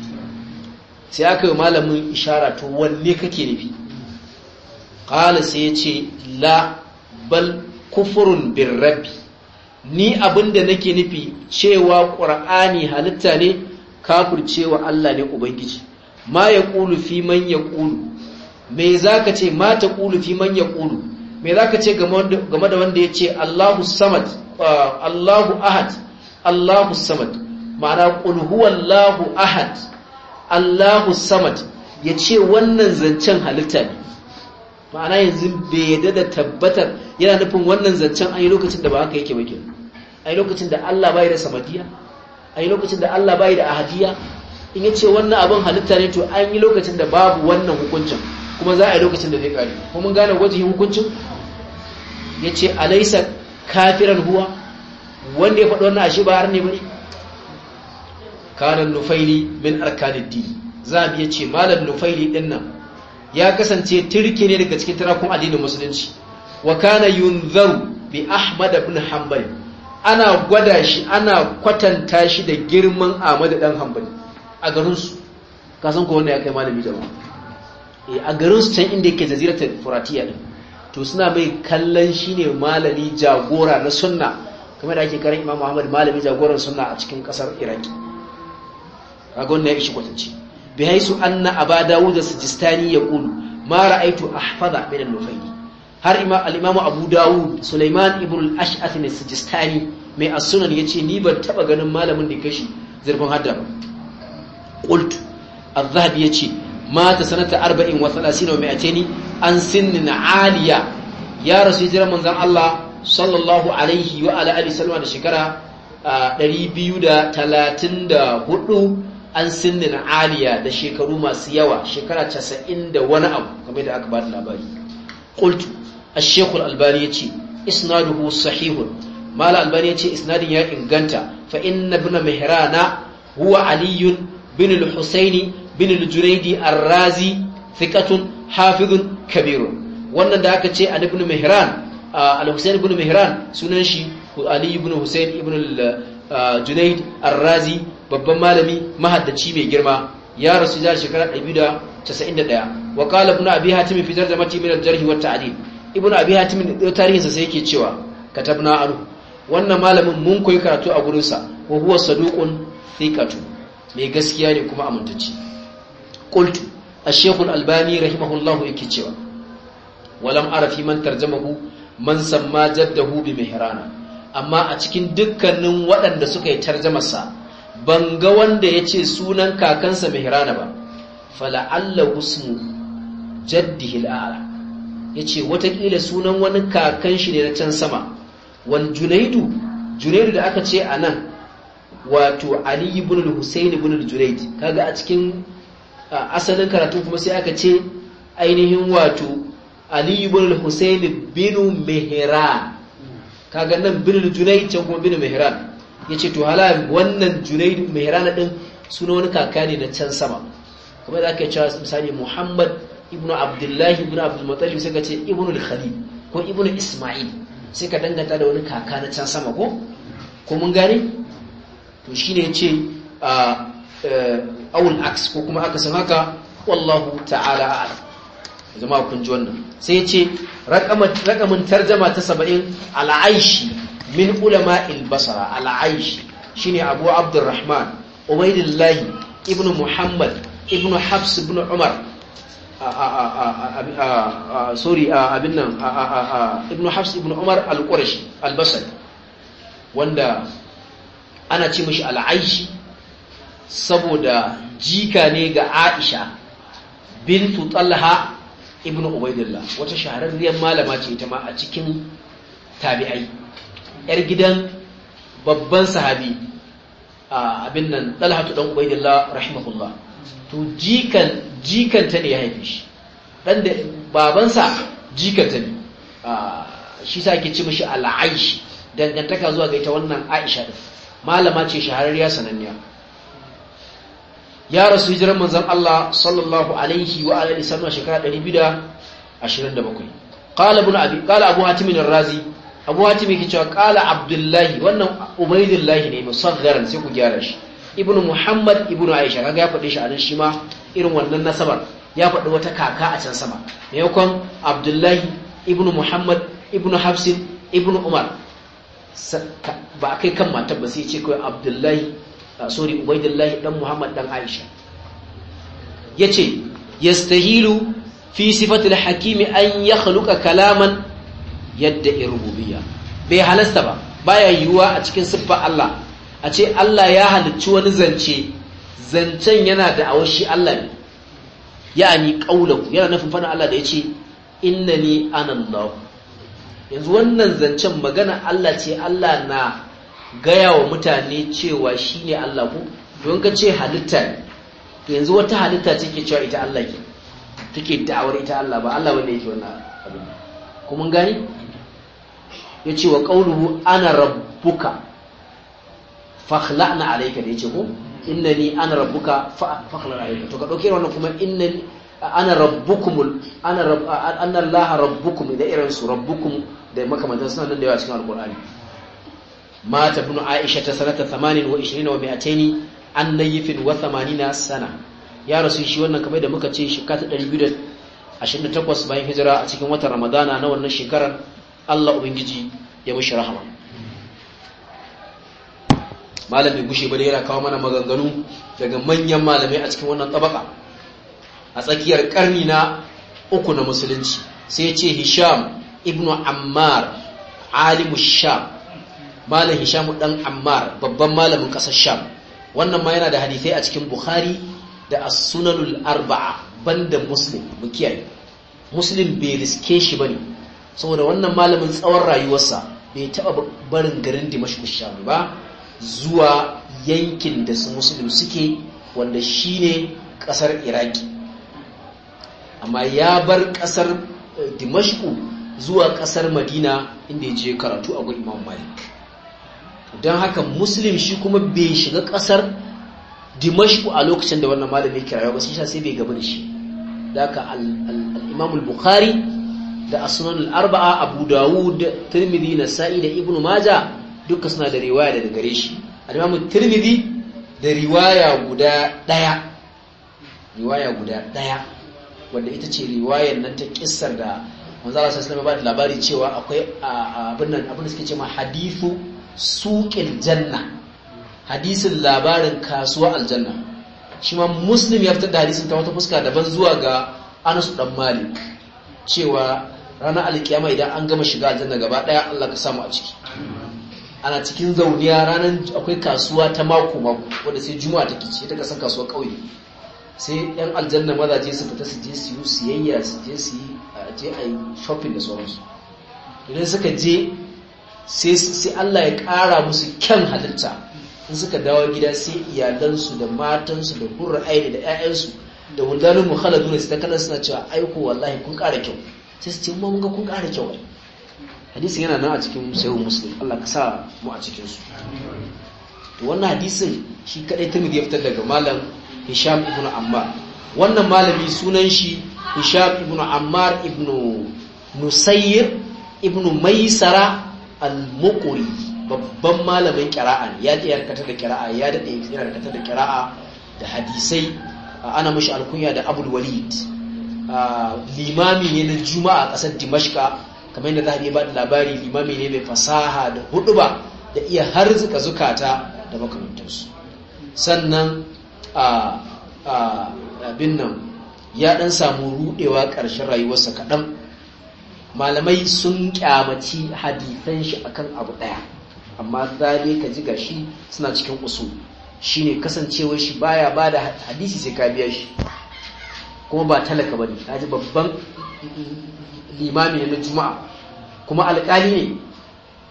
sai aka yi malamin ishara to wanne kake nufi ƙala sai ce, la bal kufurun bin rabbi ni abinda nake nufi cewa ƙura'ani halitta ne kafurcewa Allah ne ubangiji ma ya ƙulu fi man ya mai me ka ce ma ta ƙulu fi man ya mai me ka ce game da wanda ya ce Allahu samad uh, Allahu ahad Allahu samad ma'ana qul huwallahu ahad Allahu samad yace wannan zancen halitta ne ma'ana yanzu bai yadda da tabbatar yana nufin wannan zancen an lokacin da ba haka yake wakil a yi lokacin da Allah bai da samadiya a lokacin da Allah bai da ahadiya in yace wannan abin halitta ne to an yi lokacin da babu wannan hukuncin kuma za a yi lokacin da zai kare kuma mun gane wajen hukuncin yace ce alaisa kafiran huwa wanda ya faɗo wannan ashe ba har ne ne? kanan nufaili min Za a biya ce malam nufaili ɗin nan ya kasance turki ne daga cikin tarakun addinin musulunci wa kana zaru bi ahmad ibn hanbal ana gwada shi ana kwatanta shi da girman ahmad dan hanbali a garin su ka san ko ya kai malami da eh, a garin su can inda yake jaziratul furatiya din to suna mai kallon shine malami jagora na sunna kuma da ake karin imam muhammad malami jagoran suna a cikin kasar iraki a gwamna ya ishi kwatance bi haisu anna aba dawud Sajistani ya kulu ma ra'aitu ahfaza min da nufaili har imamu abu dawud Suleiman ibn al-ash'ath ne sijistani mai asunan sunan ce ni ban taba ganin malamin da kashi zurfin hadda ba qultu az ya ce mata sanata arba'in wa mai wa 200 an sinnin aliya ya rasu hijiran manzon Allah sallallahu alaihi wa ala alihi sallama da shekara 234 an sinnin aliya da shekaru masu yawa shekara 90 da wani abu kamar da aka bada labari qultu ash-shaykh al-albani yace isnaduhu sahihun mala albani ce isnadin ya inganta fa inna ibn mihrana huwa ali bin al-husaini bin al-juraydi ar-razi thiqatun hafizun kabirun wannan da aka ce an ibn mihran al-Husayn ibn Mihran sunan shi Ali ibn Husayn ibn Junayd ar-Razi babban malami mahaddaci mai girma ya rasu da shekara 291 wa qala ibn Abi Hatim fi tarjamati min al-jarh wa ta'dil ibn Abi Hatim tarihinsa sai yake cewa katabna alu wannan malamin mun koyi karatu a gurinsa wa huwa saduqun thiqatu mai gaskiya ne kuma amintacci qultu ash-shaykh al-albani rahimahullahu yake cewa walam ara fi man tarjamahu man samma jaddahu bi mihrana amma a cikin dukkanin waɗanda suka yi tarjamarsa ban ga wanda ya ce sunan kakansa mihrana ba fala'alla usmu jaddihil a'la ya ce watakila sunan wani kakan shi ne na can sama wan junaidu junaidu da aka ce a nan wato ali ibn al-husayn ibn al-junaid kaga a cikin asalin karatu kuma sai aka ce ainihin wato Aliyu ibn Husaini bin Mihran kaga nan bin Junayd ce kuma Mehera, Mihran yace to hala wannan Junayd Mihran ɗin suna wani kaka ne na can sama kuma da aka cewa misali Muhammad ibn abdullahi ibn Abdul Muttalib sai ka ce ibn khalid ko ibn Isma'il sai ka danganta da wani kaka na can sama ko ko mun gane to shine yace a awul aks ko kuma aka san haka wallahu ta'ala a'lam jama'a kun ji wannan sai ce rakamun tarjama ta saba'in al'aishi min ulama basara al'aishi ne abu abdurrahman ubaidillahi ibn muhammad ibn hafs ibn umar sorry abin nan ibn hafs ibn umar al-qurashi al wanda ana ce mashi al'aishi saboda jika ne ga aisha bintu talha ibnu ubaidillah wata shahararriyar malama ce ta ma a cikin tabi'ai yar gidan babban sahabi a abin nan dalhatu dan ubaidillah rahimahullah to jikan jikan ta ne ya haife shi dan da babansa jikan ta ne shi sa ake ci mishi al'aishi dangantaka zuwa ga ita wannan aisha din malama ce shahararriya sananniya ya rasu hijiran manzan Allah sallallahu alaihi wa alihi sallam shekara 227 qala ibn abi qala abu hatim ar-razi abu hatim yake cewa kala abdullahi wannan ubaydillah ne musaggaran sai ku gyara shi Ibn muhammad Ibn aisha kaga ya faɗi shi a nan shi ma irin wannan nasabar ya faɗi wata kaka a can sama maimakon abdullahi Ibn muhammad Ibn hafsin Ibn umar ba a kai kan matan ba sai ce kawai abdullahi Ah, sorry ubaidillah dan muhammad dan aisha yace yastahilu fi sifatil hakimi an yakhluqa kalaman yadda irububiyya bai halasta ba baya yiwuwa a cikin siffar Allah a ce Allah ya halicci wani zance zancen yana da awashi Allah ne ya'ani qaulahu yana nufin fadin Allah da yace innani ana yanzu wannan zancen magana Allah ce Allah na gaya wa mutane cewa shi ne Allah ko don ka ce halitta ne to yanzu wata halitta ce ke cewa ita Allah ke take da'awar ita Allah ba Allah wanda yake wannan abu kuma gani ya ce wa ƙaunuhu ana rabbuka fakhla'na alayka da yace ko innani ana rabbuka fakhla'na alayka to ka dauke wannan kuma innani ana rabbukum ana anna Allah rabbukum da irin su rabbukum da makamantan suna nan da yawa cikin alqur'ani mata ibn aisha ta sanata 82 wa an wa 80 sana ya rasu shi wannan kamar da muka ce shekara ta 228 bayan hijira a cikin watan ramadana na wannan shekarar Allah ubangiji ya mushi rahama malami gushe bane yana kawo mana maganganu daga manyan malamai a cikin wannan tabaka a tsakiyar karni na uku na musulunci sai ce hisham ibnu ammar alimu sham malam Hisham dan Ammar babban malamin kasar Sham wannan ma yana da hadisai a cikin Bukhari da As-Sunanul Arba'a banda Muslim mu kiyaye Muslim bai riske shi bane saboda wannan malamin tsawon rayuwarsa bai taba barin garin Dimashq Sham ba zuwa yankin da su Muslim suke wanda shine kasar Iraki amma ya bar kasar eh, Dimashq zuwa kasar Madina inda ya je karatu a gurin Imam Malik don haka muslim shi kuma bai shiga ƙasar dimashku a lokacin da wannan malami kirayo ba sai sai bai gaba da shi da haka al-imam al-bukhari da asunan al-arba'a abu dawud tirmidhi nasa'i da ibnu maja duka suna da riwaya daga gare shi al-imam tirmidhi da riwaya guda daya riwaya guda daya wanda ita ce riwayar nan ta kissar da manzo Allah sallallahu labari cewa akwai abin nan abin da suke cewa hadithu suƙin janna hadisin labarin kasuwa aljanna shi ma muslim ya fitar da hadisin ta wata fuska daban zuwa ga Anasu dan malik cewa ranar alkiyama idan an gama shiga aljanna gaba ɗaya, Allah ka samu a ciki ana cikin zauniya ranar akwai kasuwa ta mako mako wadda sai juma'a take ce ta kasan kasuwar kawai sai yan aljanna mazaje su fita su je su yi siyayya su je su yi je a shopping da sauransu idan suka je sai Allah ya kara musu kyan halitta in suka dawo gida sai iyalansu da matansu da hurra aini da 'ya'yansu da wundarin muhalla dole su ta kanan suna cewa aiko wallahi kun ƙara kyau sai su ce ma kun ƙara kyau hadisin yana nan a cikin sayo musulun Allah ka sa mu a cikinsu to wannan hadisin shi kadai tirmidhi ya fitar daga malam hisham ibn ammar wannan malami sunan shi hisham ibn ammar ibnu nusayir ibn maisara al-muqri babban malamin qira'a ya ya yarkata da qira'a ya dade ya yarkata da qira'a da hadisai ana mushi alkunya da abul walid limami ne na juma'a kasar dimashka kamar yadda zahabi ba da labari limami ne mai fasaha da huduba da iya har zuka zukata da makamantarsu sannan a nan ya dan samu rudewa ƙarshen rayuwarsa kaɗan malamai sun kyamaci hadisan shi akan abu daya amma za ne ka ji gashi suna cikin usul shine kasancewar shi baya bada hadisi sai ka biya shi kuma ba talaka ta ji babban limami na juma'a kuma alƙali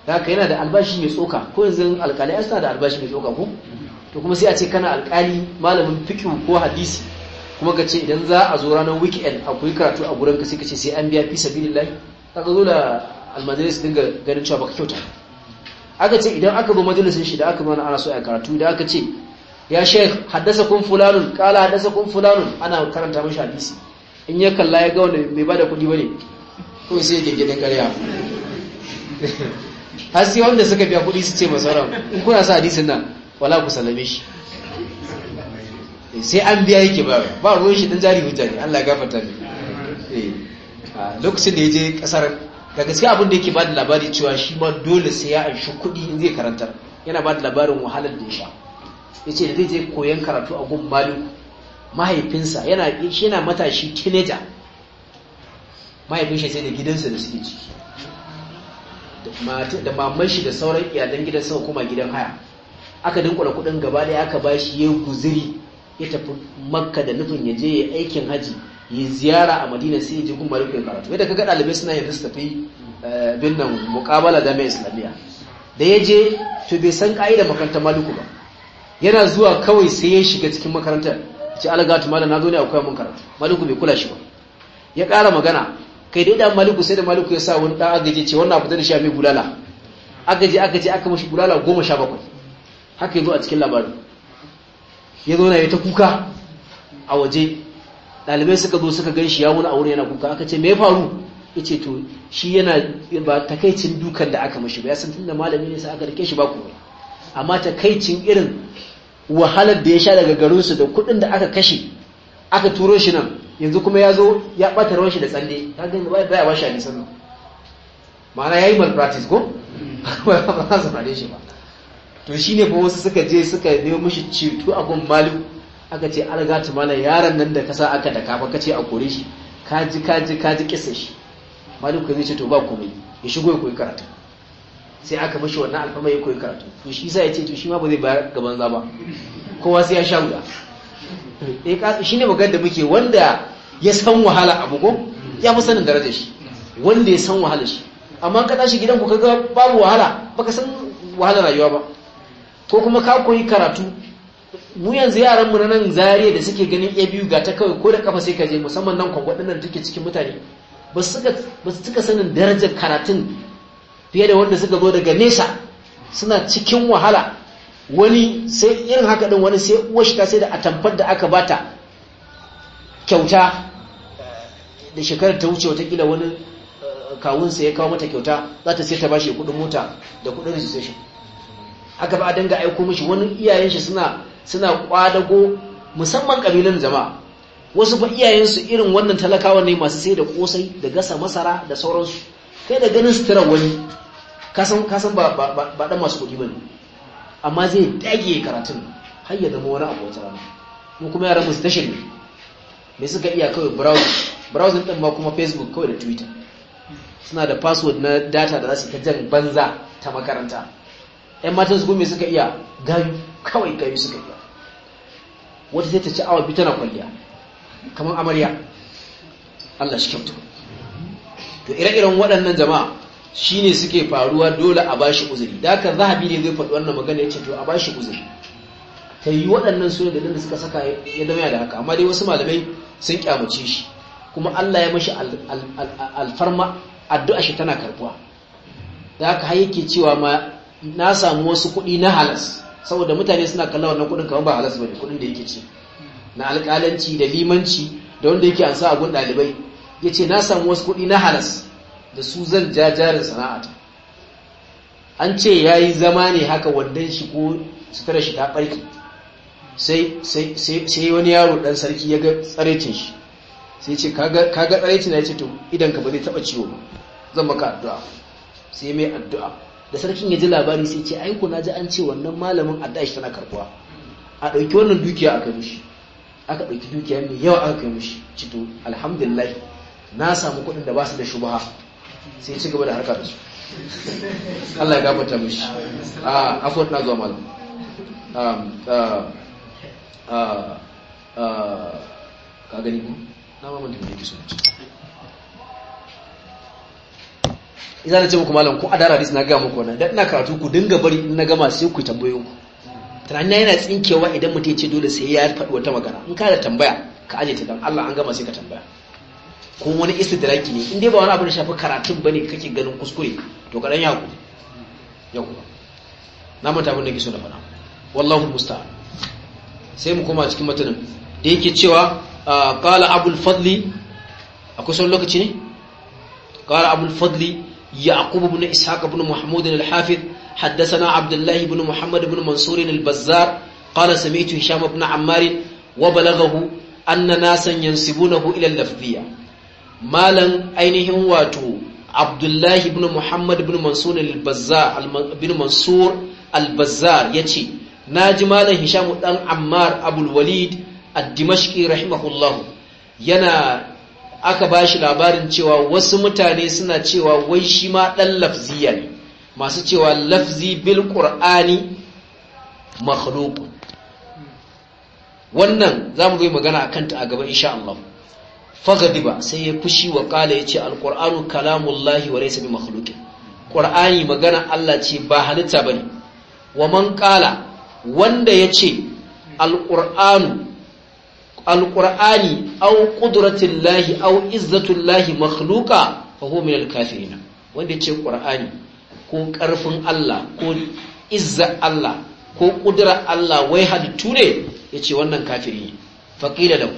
ne ka yana da albashi mai tsoka ko yanzu alƙalai suna da albashi mai tsoka ko to kuma sai a ce kana alkali malamin fikin ko hadisi kuma ka ce idan za a zo ranar weekend akwai karatu a gurin ka sai ka ce sai an biya fi lillahi kaga dole almajirai su dinga ganin cewa baka kyauta aka ce idan aka zo majalisin shi da aka mana ana so a karatu da aka ce ya sheikh haddasa kun fulanun kala haddasa kun fulanun ana karanta mashi hadisi in ya kalla ya ga wanda bai bada kudi bane ko sai ya gidan ƙarya har sai wanda suka biya kudi su ce masaran in kuna sa hadisin nan wala ku sallame shi eh, sai an biya yake ba ba ruwan shi dan jari hujja ne Allah ya gafarta ni lokacin da ya je kasar da gaske abin da yake ba da labari cewa shi ma dole sai ya anshi kuɗi in zai karantar yana ba da labarin wahalar da ya sha ya ce da zai je koyan karatu a gun malu mahaifinsa yana matashi teenager mahaifin shi sai da gidansa da suke ciki da mamman shi da sauran iyalan gidan sama kuma gidan haya aka dinkula kuɗin gaba ɗaya aka ba shi ya guziri ya tafi makka da nufin ya je ya aikin haji yi ziyara a madina sai ji kuma malik karatu yadda kaga ɗalibai suna yin su tafi eh, bin nan muqabala da mai islamiyya da ya je to bai san ka'ida makarantar maluku ba yana zuwa kawai sai ya shiga cikin makarantar ce algatu malam na zo ne akwai mun karatu maluku bai kula shi ba ya kara magana kai dai da maluku sai da maluku ya sa wani dan agaji ce wannan abu da shi mai bulala agaji agaji aka mashi bulala bakwai haka ya zo a cikin labarin ya zo na ya ta kuka a waje Dalibai suka zo suka gan shi ya wuni a wurin yana kuka aka ce me ya faru ya ce to shi yana ba takaicin dukan da aka mashi ba ya san tun da malami ne sai aka rike shi ba kuma amma takaicin irin wahalar da ya sha daga garinsu da kuɗin da aka kashe aka turo shi nan yanzu kuma ya zo ya ɓata rawar shi da tsalle ta gani ba ya bashi a nisan nan ma'ana ya yi malpractice ko ba za su fare shi ba to shi ne ba wasu suka je suka nemo mishi ceto a gun malu aka ce an gata mana yaron nan da ka sa aka daka ka ce a kore shi kaji kaji kaji kisa shi maliku zai ce to ba komai ya shigo ya koyi karatu sai aka mashi wannan alfama ya koyi karatu to shi sa ya ce to shi ma ba zai bayar gaban za ba kowa sai ya sha wuya eh ka shi ne magana da muke wanda ya san wahala abu ko ya fi sanin darajar shi wanda ya san wahala shi amma ka tashi gidan ku kaga babu wahala baka san wahala rayuwa ba ko kuma ka koyi karatu mu yanzu yaran mu na nan zariya da suke ganin a biyu ga ta kawai ko da kafa sai ka je musamman nan kwangwa dinnan take cikin mutane ba su tuka sanin darajar karatun fiye da wanda suka zo daga nesa suna cikin wahala wani sai irin haka din wani sai uwar shi ta sai da atamfar da aka bata kyauta da shekarar ta wuce watakila wani eh, kawunsa ya kawo mata kyauta za ta sai ta bashi kudin mota da kudin registration aka ba a dinga aiko mishi wani iyayen shi suna suna kwadago musamman kabilan jama'a wasu fa iyayensu irin wannan talakawa ne masu sai da kosai da gasa masara da sauransu kai da ganin sutura wani kasan kasan ba ba dan masu kudi bane amma zai dage karatun har ya zama wani abu tsara rana mu kuma yaran mu su tashin me suka iya kawai browse browse din ma kuma facebook kawai da twitter suna da password na data da zasu ta jan banza ta makaranta 'yan matan su gome suka iya gayu kawai gayu suka iya wata sai ta ci awa biyu tana kwalliya kamar amarya Allah shi kyautu to ire-iren waɗannan jama'a shine suke faruwa dole a bashi uzuri da haka zahabi ne zai faɗi wannan magana ya ce to a bashi uzuri ta yi waɗannan su ne da suka saka ya zama da haka amma dai wasu malamai sun kyamace shi kuma Allah ya mashi alfarma addu'a shi tana karbuwa da haka har yake cewa ma na samu wasu kuɗi na halas saboda mutane suna kallon wannan kuɗin kamar ba halas bane kuɗin da yake ci na alƙalanci da limanci da wanda yake ansa a gun ɗalibai ya ce na samu wasu kuɗi na halas da su zan ja jarin sana'ata an ce ya yi zama ne haka wandan shi ko su sutura shi ta ɓarke. sai wani yaro ɗan sarki ya ga tsarecin shi sai ce kaga tsarecin ya ce to idan ka ba zai taɓa ciwo ba zan maka addu'a sai mai addu'a da sarkin ya ji labari sai ce aiku na ji an ce wannan malamin addashi tana karbuwa a ɗauki wannan dukiya aka mishi aka ɗauki dukiya mai yawa aka yi mishi cito alhamdulillah na samu kuɗin da ba su da shubaha sai ci gaba da harka da su Allah ya gafarta mishi a ah, afuwar na zuwa malam um, uh, uh, uh, ka gani ku na mamanta da yake iza na ce muku malam ko adar hadisi na ga muku wannan dan ina karatu ku dinga bari in na gama sai ku tambayo ku tunanina yana tsinkewa idan mutum ya ce dole sai ya faɗi wata magana in ka da tambaya ka aje ta dan Allah an gama sai ka tambaya ko wani istidraki ne in dai ba wani abu da shafi karatun bane kake ganin kuskure to ka dan ya ku ya ku na mata abin da kike so da fara wallahu musta sai mu koma cikin matanin da yake cewa ah, qala abul fadli akwai son lokaci ne qala abul fadli يعقوب بن إسحاق بن محمود الحافظ حدثنا عبد الله بن محمد بن منصور البزار قال سمعت هشام بن عمار وبلغه أن ناسا ينسبونه إلى اللفظية مالا أينهم واتو عبد الله بن محمد بن منصور البزار بن منصور البزار يتي ناجي مالا هشام بن عمار أبو الوليد الدمشقي رحمه الله yana aka ba shi labarin cewa wasu mutane suna cewa wai shi ma ɗan lafziya ne masu cewa lafzi bil ƙur'ani makhlukun wannan za mu magana a kanta a gaba insha Allah ba sai ya fushi wa ƙala ya ce alƙur'anu kalamullahi wa raisa bi makhlukin ƙur'ani magana Allah ce ba halitta ne wa man ƙala wanda ya ce alƙur'anu alqur'ani au qudratillahi aw izzatullahi makhluqa fa huwa min alkafirin wanda yace qur'ani ko ƙarfin Allah ko izza Allah ko ƙudura Allah wai halittu ne yace wannan kafiri ne faqila da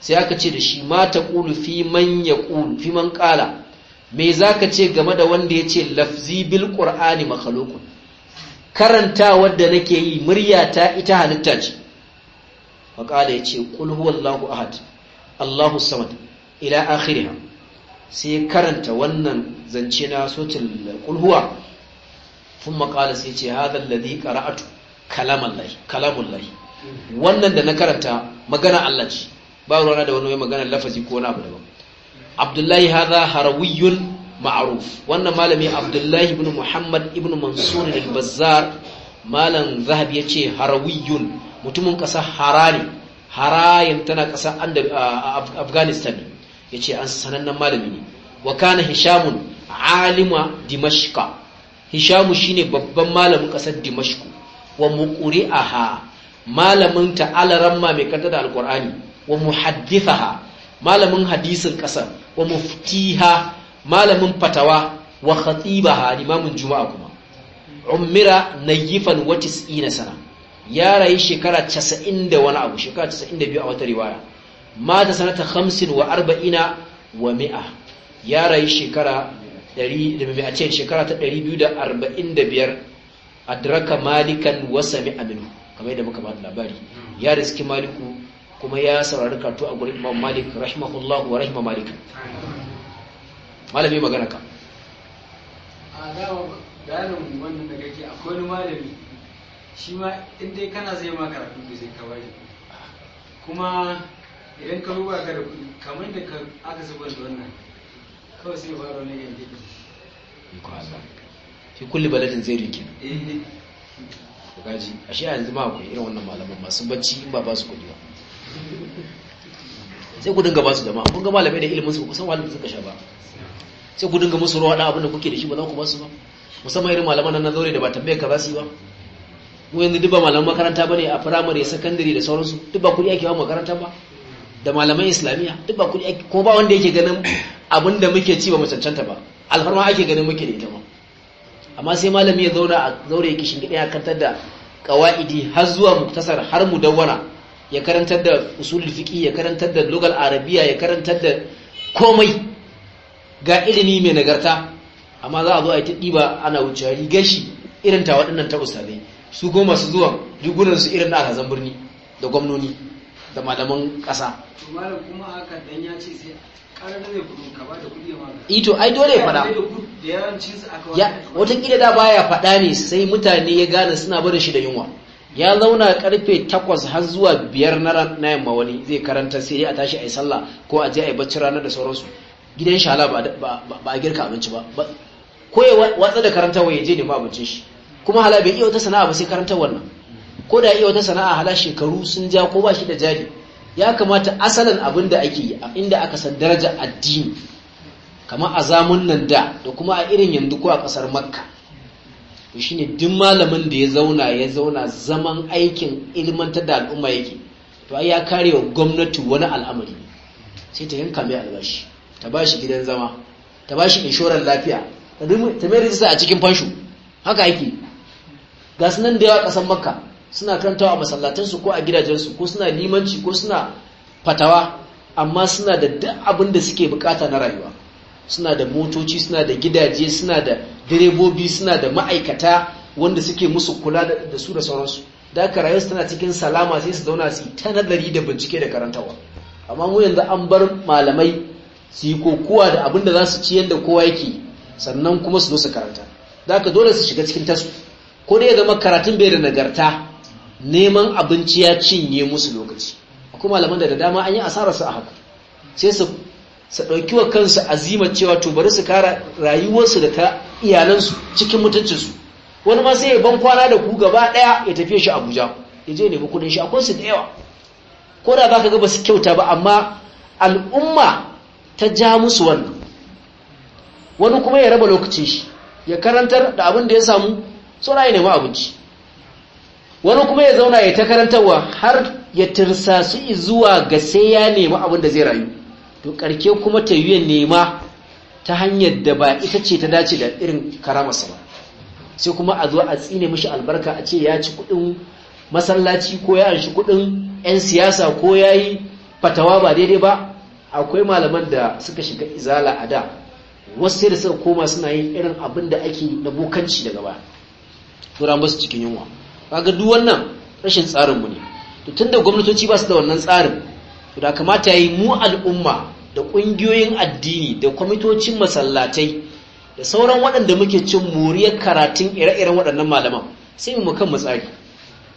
sai aka ce da shi ma ta taqulu fi man yaqul fi man qala me zaka ce game da wanda yace lafzi bil qur'ani makhluqun karanta wadda nake yi muryata ita halitta ce faƙala ya ce ƙul ahad allahu samad ila akhiriha sai karanta wannan zance na sotin ƙulhuwa sun maƙala sai ce hadar da zai ƙara'atu kalamullahi wannan da na karanta magana Allah ce ba rana da wani mai magana lafazi ko wani abu daban abdullahi haza harawiyun ma'aruf wannan malami abdullahi ibn muhammad ibn mansur al-bazzar malam zahabi ya ce harawiyyun mutumin ƙasar harani, harayin tana ƙasar afghanistan ya ce an sanannen malami ne wa kana hishamun alima dimashka hishamu shine babban malamin ƙasar dimashku wa muqri'aha malamin ta'alaramma mai kanta da alqur'ani wa muhaddithaha malamin hadisin ƙasar wa muftiha malamin fatawa wa khatibaha limamin juma'a kuma umira nayifan wa 90 sana ya rayu shekara casa'in da wani abu shekara casa'in da biyu a wata riwaya mata sanata hamsin wa arba'ina wa mi'a. ya rayu shekara 100 a ce shekara ta a adraka malikan wa sami'a minhu kamar yadda muka ba labari ya riski maliku kuma ya saurari karatu a gurin imam malik rahimahullahu wa rahima malik malami magana ka a dawo ganin wannan da ke akwai malami shi ma in dai kana zai ma karatu da zai ka bari kuma idan ka ruba ka da kuɗi kamar da aka zuba da wannan kawai sai fara wani yanzu ikon Allah fi kulli baladin zai rike gaji eh, eh. ashe yanzu ma akwai irin wannan malaman masu bacci in ba ba su kuɗi ba sai ku dinga ba su jama'a kun ga malamai da ilimin su ku san wani suka sha ba sai ku dinga musu ruwa da abin da kuke da shi ba za ku ba su ba musamman irin malaman nan na zaure da ba tambayar ka ba su yi ba mu yanzu duba malaman makaranta bane a firamare sakandare da sauransu duba kuɗi ake ba makaranta ba da malaman islamiyya duba kuɗi ake ko ba wanda yake ganin abinda muke ci ba mu cancanta ba alfarma ake ganin muke da ita ba amma sai malami ya zauna a zaure ya kishin gida ya karantar da qawaidi har zuwa muktasar har mu dawwara ya karantar da usul fiqi ya karantar da lugal arabiya ya karantar da komai ga ilimi mai nagarta amma za a zo a yi ta ɗiba ana wuce rigar shi irin ta waɗannan ta ustazai su goma su zuwa jugunan su irin na alhazan birni da gwamnoni da malaman ƙasa ito eh ai dole ya fada watakila da baya fada ne sai mutane ya gane suna barin shi da yunwa ya zauna karfe takwas har zuwa biyar na yamma wani zai karanta sai dai a tashi a yi sallah ko a je a yi bacci ranar da sauransu gidan shala ba a girka abinci ba ko ya watsa da karanta wa ya je nema abincin shi kuma hala bai iya wata sana'a ba sai karantar wannan ko da iya wata sana'a hala shekaru sun ja ko ba shi da jari ya kamata asalin abin da ake yi inda aka san daraja addini kamar a zamun nan da da kuma a irin yanzu ko a kasar makka to shine duk malamin da ya zauna ya zauna zaman aikin ilmantar da al'umma yake to ai ya kare wa gwamnati wani al'amari sai ta yanka mai albashi ta bashi gidan zama ta bashi inshorar lafiya ta mai rijista a cikin fansho haka yake ga nan da yawa ƙasar makka suna karanta a masallatansu ko a gidajensu ko suna limanci ko suna fatawa amma suna da duk abin da suke bukata na rayuwa suna da motoci suna da gidaje suna da direbobi suna da ma'aikata wanda suke musu kula da su da sauransu da aka rayuwarsu tana cikin salama sai su zauna su ta nazari da bincike da karantawa amma mu yanzu an bar malamai su yi kokowa da abin da za su ci yadda kowa yake sannan kuma su zo su karanta da aka dole su shiga cikin tasu ko dai ya zama karatun bai da nagarta neman abinci ya cinye musu lokaci akwai malaman da da dama an yi asararsu a haku. sai su su ɗauki wa kansu azima cewa to bari su kara rayuwarsu da ta iyalansu cikin mutuncinsu wani ma sai ya ban kwana da ku gaba ɗaya ya tafiye shi abuja ya je ne ba kudin shi akwai su da yawa ko da za ka gaba su kyauta ba amma al'umma ta ja musu wannan wani kuma ya raba lokacin shi ya karantar da abin da ya samu saura ya nemi abinci wani kuma ya zauna ya ta karantarwa har ya su zuwa ga sai ya nemi abin da zai rayu to karke kuma ta yi nema ta hanyar da ba ita ce ta dace da irin karamarsa ba sai kuma a zo a tsine mashi albarka a ce ya ci kuɗin masallaci ko ya anshi kuɗin 'yan siyasa ko ya yi fatawa ba daidai ba akwai malaman da suka shiga izala a da wasu sai da suka koma suna yin irin abin da ake na bukanci daga baya tura basu cikin yunwa kaga duk wannan rashin tsarin mu ne to tunda gwamnatoci ba su da wannan tsarin to da kamata yayi mu al'umma da ƙungiyoyin addini da kwamitocin masallatai da sauran waɗanda muke cin muriyar karatun ire-iren waɗannan malaman sai mu kan tsari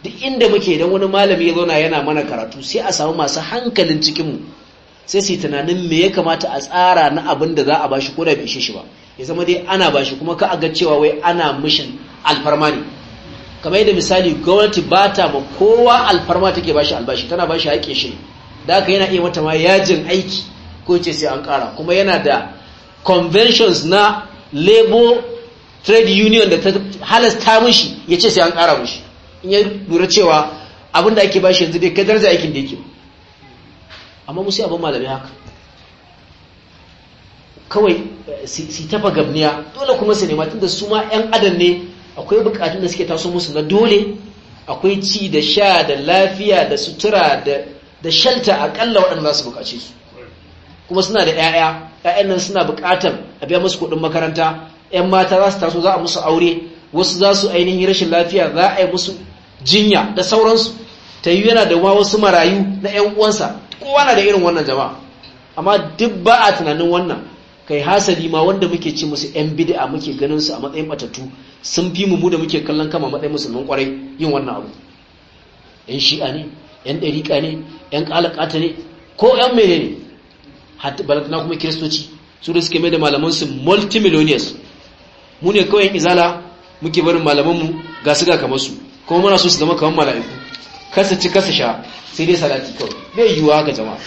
duk inda muke don wani malami ya zauna yana mana karatu sai a samu masu hankalin cikinmu sai su yi tunanin me ya kamata a tsara na abin da za a bashi ko da bai shi shi ba ya zama dai ana bashi kuma ka a ga cewa wai ana mishin alfarma kamar yadda misali gwamnati ba ta ba kowa alfarma take bashi albashi tana bashi haƙe shi da aka yana iya mata ma yajin aiki ko ce sai an ƙara kuma yana da conventions na labor trade union da ta halasta mushi ya ce sai an ƙara mushi. in ya lura cewa abin da ake bashi yanzu dai ka darja aikin da yake amma musu abin malamai haka kawai eh, si gabniya dole kuma su nema tunda su ma 'yan adam ne akwai bukatun da suke taso musu na dole akwai ci da sha da lafiya da sutura da shalta akalla waɗanda za su bukace su kuma suna da 'ya'ya 'ya'yan nan suna bukatar a biya musu kuɗin makaranta 'yan mata za su taso za a musu aure wasu za su ainihin rashin lafiya za a yi musu jinya da sauransu ta yi yana da wasu marayu na 'yan uwansa kowa na da irin wannan jama'a amma duk ba a tunanin wannan kai hasali ma wanda muke ci musu yan bid'a muke ganin su a matsayin batatu sun fi mu da muke kallon kama matsayin musulmin kwarai yin wannan abu yan shi'a ne yan ɗariƙa ne yan ƙalaƙata ne ko yan mene ne balatana kuma kiristoci su da suke mai da malaman su multimillionaires mu ne kawai yan izala muke barin mu ga su ga kamar su kuma muna so su zama kamar mala'iku kasa ci kasa sha sai dai salati kawai bai yiwuwa ga jama'a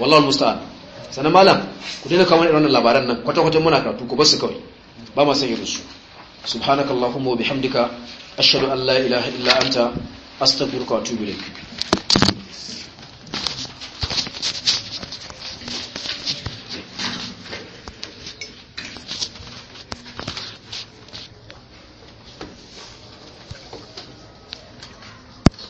wallahi musta'an sannan malam ku daina kawo irin labaran nan kwata-kwata muna karatu ku basu kawai ba ma san irin su subhanakallahumma wa bihamdika ashhadu an la ilaha illa anta astaghfiruka wa atubu ilayk